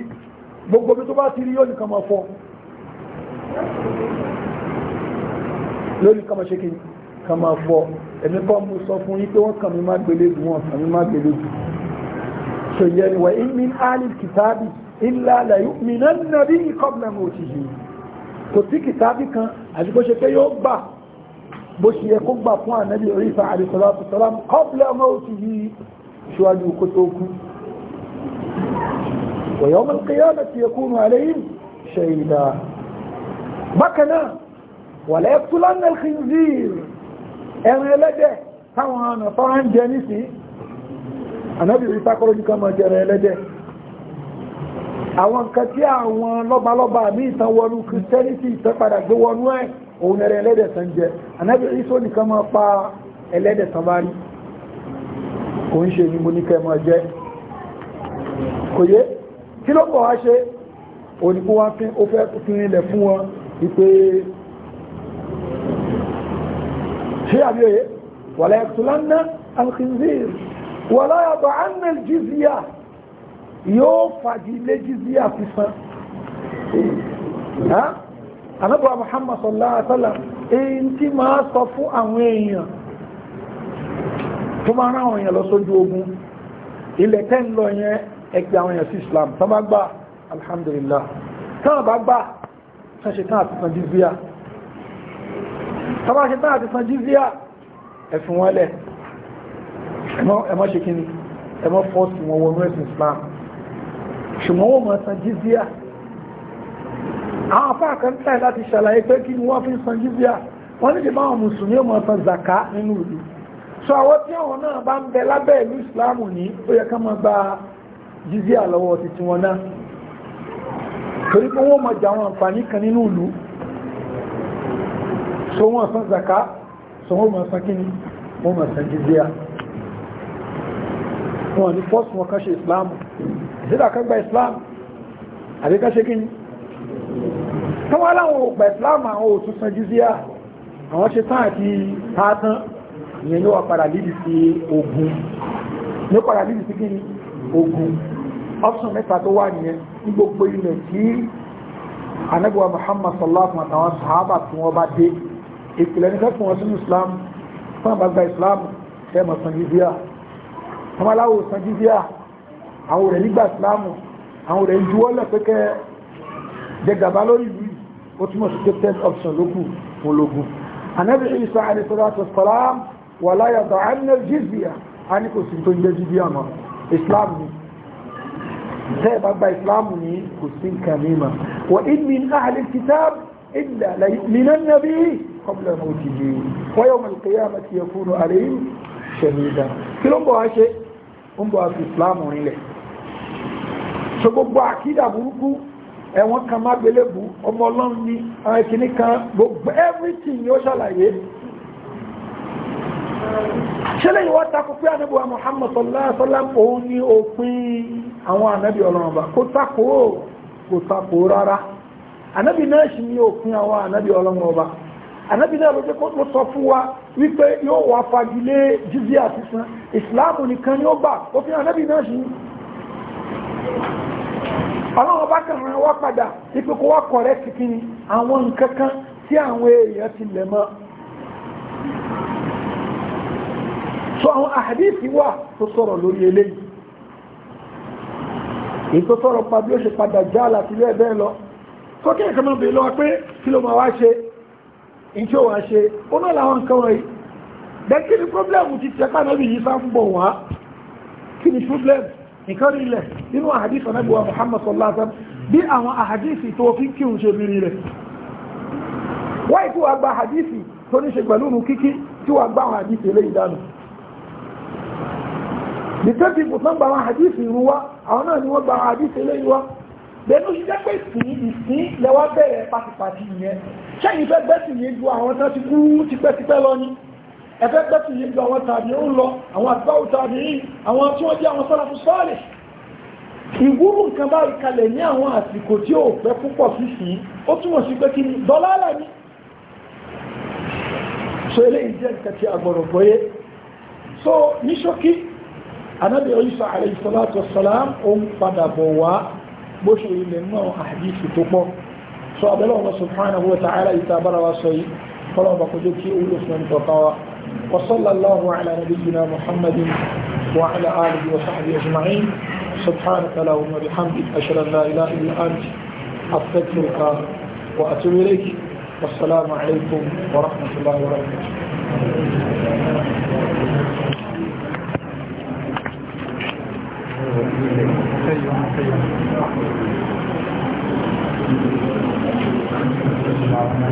gbogbo bí tó bá ti rí yóò nìkan máa fọ́ lórí kama ṣe kí ká máa fọ́ ẹ̀mí kọ́ mú sọ fún yí pé wọ́n kàn mí má gbélébù wọn kàn mí má kò sí kìtàbì kan àti ṣe pé yóò gbà bó ṣe yẹ kó gbà fún ànábì Ìsá alayhi salatu wassalam qabla mawtihi ṣíwájú kó tó kú wa yawm al-qiyamati yakunu alayhim shahida bákan náà wala yaqtulanna al-khinzir ẹ̀rin ẹlẹ́dẹ̀ táwọn ọ̀nà tọ́rọ ń jẹ nísì ànábì Ìsá kọ́rọ̀ ní kọmọ jẹrẹ ẹlẹ́dẹ̀ àwọn nǹkan tí àwọn lọ́balọ́ba àmì ìtàn wọnú Christianity ìtàn ẹ̀ òun ẹrẹ ẹlẹ́dẹ̀ tán jẹ anábì ìsọ nìkan máa pa ẹlẹ́dẹ̀ tán bá rí kò ń ṣe ní mo ní kẹmọ jẹ kò yé kí ló pọ̀ wá ṣe òníkó wá fi ó fẹ́ fi rinlẹ̀ fún wọn ìpè ṣé àbí òye wàlá ẹ̀kùtùlánná alkhinzir wàlá ọ̀bọ̀ annal jizya yóò fàgilé jizya fi san anábọ̀ Muhammad sallallahu alaihi wasallam èyí tí máa sọ fún àwọn èèyàn tó máa rán àwọn èèyàn lọ sójú ogun ilẹ̀ tẹ́ ń lọ yẹn ẹgbẹ́ àwọn èèyàn sí Islam tán bá gbà alhamdulillah tán bá gbà tán ṣe tán àti san jizya tán bá ẹ̀fún wọn ẹmọ́ ṣe kí ni ẹmọ́ fọ́ọ̀sì wọn wọnú ẹ̀sìn Islam ṣùgbọ́n wọ́n máa san jizya àwọn afá kan tẹ̀ láti ṣàlàyé pé kí ni wọ́n fi san jizya wọ́n níbi báwọn mùsùlùmí ọmọ san zaka nínú ìlú so àwọn tí àwọn náà bá ń bẹ lábẹ́ ìlú ìsìláàmù ní ó yẹ ká máa gba jizya lọ́wọ́ títí wọn náà torí pé wọ́n mọ̀ jẹ àwọn àǹfààní kan nínú ìlú so wọ́n san zaka so wọ́n mọ̀ san kí ni wọ́n mọ̀ san jizya wọn ni fọ́sùn wọn kan ṣe ìsìláàmù ìsìlá kan ìsìláàmù àbíkáṣe kí ni tó wá láwọn òpẹ̀ islam àwọn òtún san jizíà àwọn ṣe tán àti tààtán ìyẹn ló wà padà lídì sí ogun ló padà lídì sí kíni ogun option mẹ́ta tó wà nìyẹn ní gbogbo ilẹ̀ tí anagba muhammad sallallahu alaihi wa sallam sahaba tí wọ́n bá dé ìpìlẹ̀ nígbà tí wọ́n sínú islam fún àbágbà islam ẹ mọ̀ san jizíà àwọn aláwọ̀ san jizíà àwọn rẹ̀ nígbà islam àwọn rẹ̀ ń juwọ́lẹ̀ ó túnmọ̀ sí pé ten option ló kù fún ológun anabi isa alayhisalatu salam wà láyà tó anna jizya a ní kò sí tó ń jẹ́ jizya mọ́ islam ni tẹ́ bá gba islam ni kò sí nǹkan mímọ́ wa in min ahli kitab illa la ẹ̀wọ̀n kan má gbélébù ọmọ ọlọ́run ní àwọn ìkíní kan gbogbo everything ni ó ṣàlàyé ṣẹlẹ̀ ìwọ́ takò pé ànábìwá Muhammad sallallahu alaihi wasallam òun ní òpin àwọn ànábì ọlọ́run ọba kó takò kò takò rárá ànábì náà sì ní òpin àwọn ànábì ọlọ́run ọba ànábì náà ló jẹ́ kó tó sọ fún wa wípé yóò wá fagilé jizya sísan ìsìláàmù nìkan ni ó gbà òfin ànábì náà sì ní ọlọ́wọ́ bá kàn rán wá padà ipò kó wá kọ̀rẹ́ kìkìrì àwọn nǹkan kan tí àwọn èèyàn ti lẹ̀ mọ́ so àwọn àdíìsì wà tó sọ̀rọ̀ lórí eléyìí èyí tó sọ̀rọ̀ pa bí ó ṣe padà já láti ilé ẹ̀bẹ́ lọ sókè nǹkan máa bèèrè lọ́wọ́ pé kí ló máa wá ṣe ní tí ṣe ó náà làwọn nǹkan wọ̀nyí then ni problem ti tẹ́pá náà bí yìí sá ń bọ̀ wá kí ni problem nǹkan rí ilẹ̀ nínú àhàdífà nẹ́bùwà Muhammad sallallahu alaihi wasallam bí àwọn àhàdífì tó fi kí òun ṣe rí rẹ̀ wáyé tí wà gba àhàdífì tó ní ṣe pẹ̀lú òun kíkí tí wà gba àwọn àhàdífì ilé ìdánù nìtẹ́bí bùtán gba àwọn àhàdífì irú wa àwọn náà ni wọ́n gba àwọn àhàdífì ẹ̀fẹ́ gbẹ́sì yìí gba àwọn tàbí ń lọ àwọn àgbáwò tàbí yìí àwọn tí wọ́n jẹ́ àwọn sọ́làfù sọ́ọ̀lì ìwúrù nǹkan bá ìkalẹ̀ ní àwọn àsìkò tí ó pẹ́ púpọ̀ sí ó túnmọ̀ sí pé kí ni dọ́lálà ni so eléyìí jẹ́ nǹkan tí a gbọ́dọ̀ gbọ́yé so ní ṣókí anábì Ìsá alayhi salatu wassalam ó ń padà bọ̀ wá bó ṣe ilẹ̀ náà àdìsí tó pọ̀ so abẹ́lẹ́ ọmọ subhanahu wa ta'ala ìta bára wa sọ yìí kọ́lọ̀ ọmọ kọjọ́ kí ó wúlò fún ẹni tọ́ka wa وصلى الله على نبينا محمد وعلى آله وصحبه أجمعين سبحانك اللهم وبحمدك أشهد أن لا إله إلا أنت أستغفرك وأتوب إليك والسلام عليكم ورحمة الله وبركاته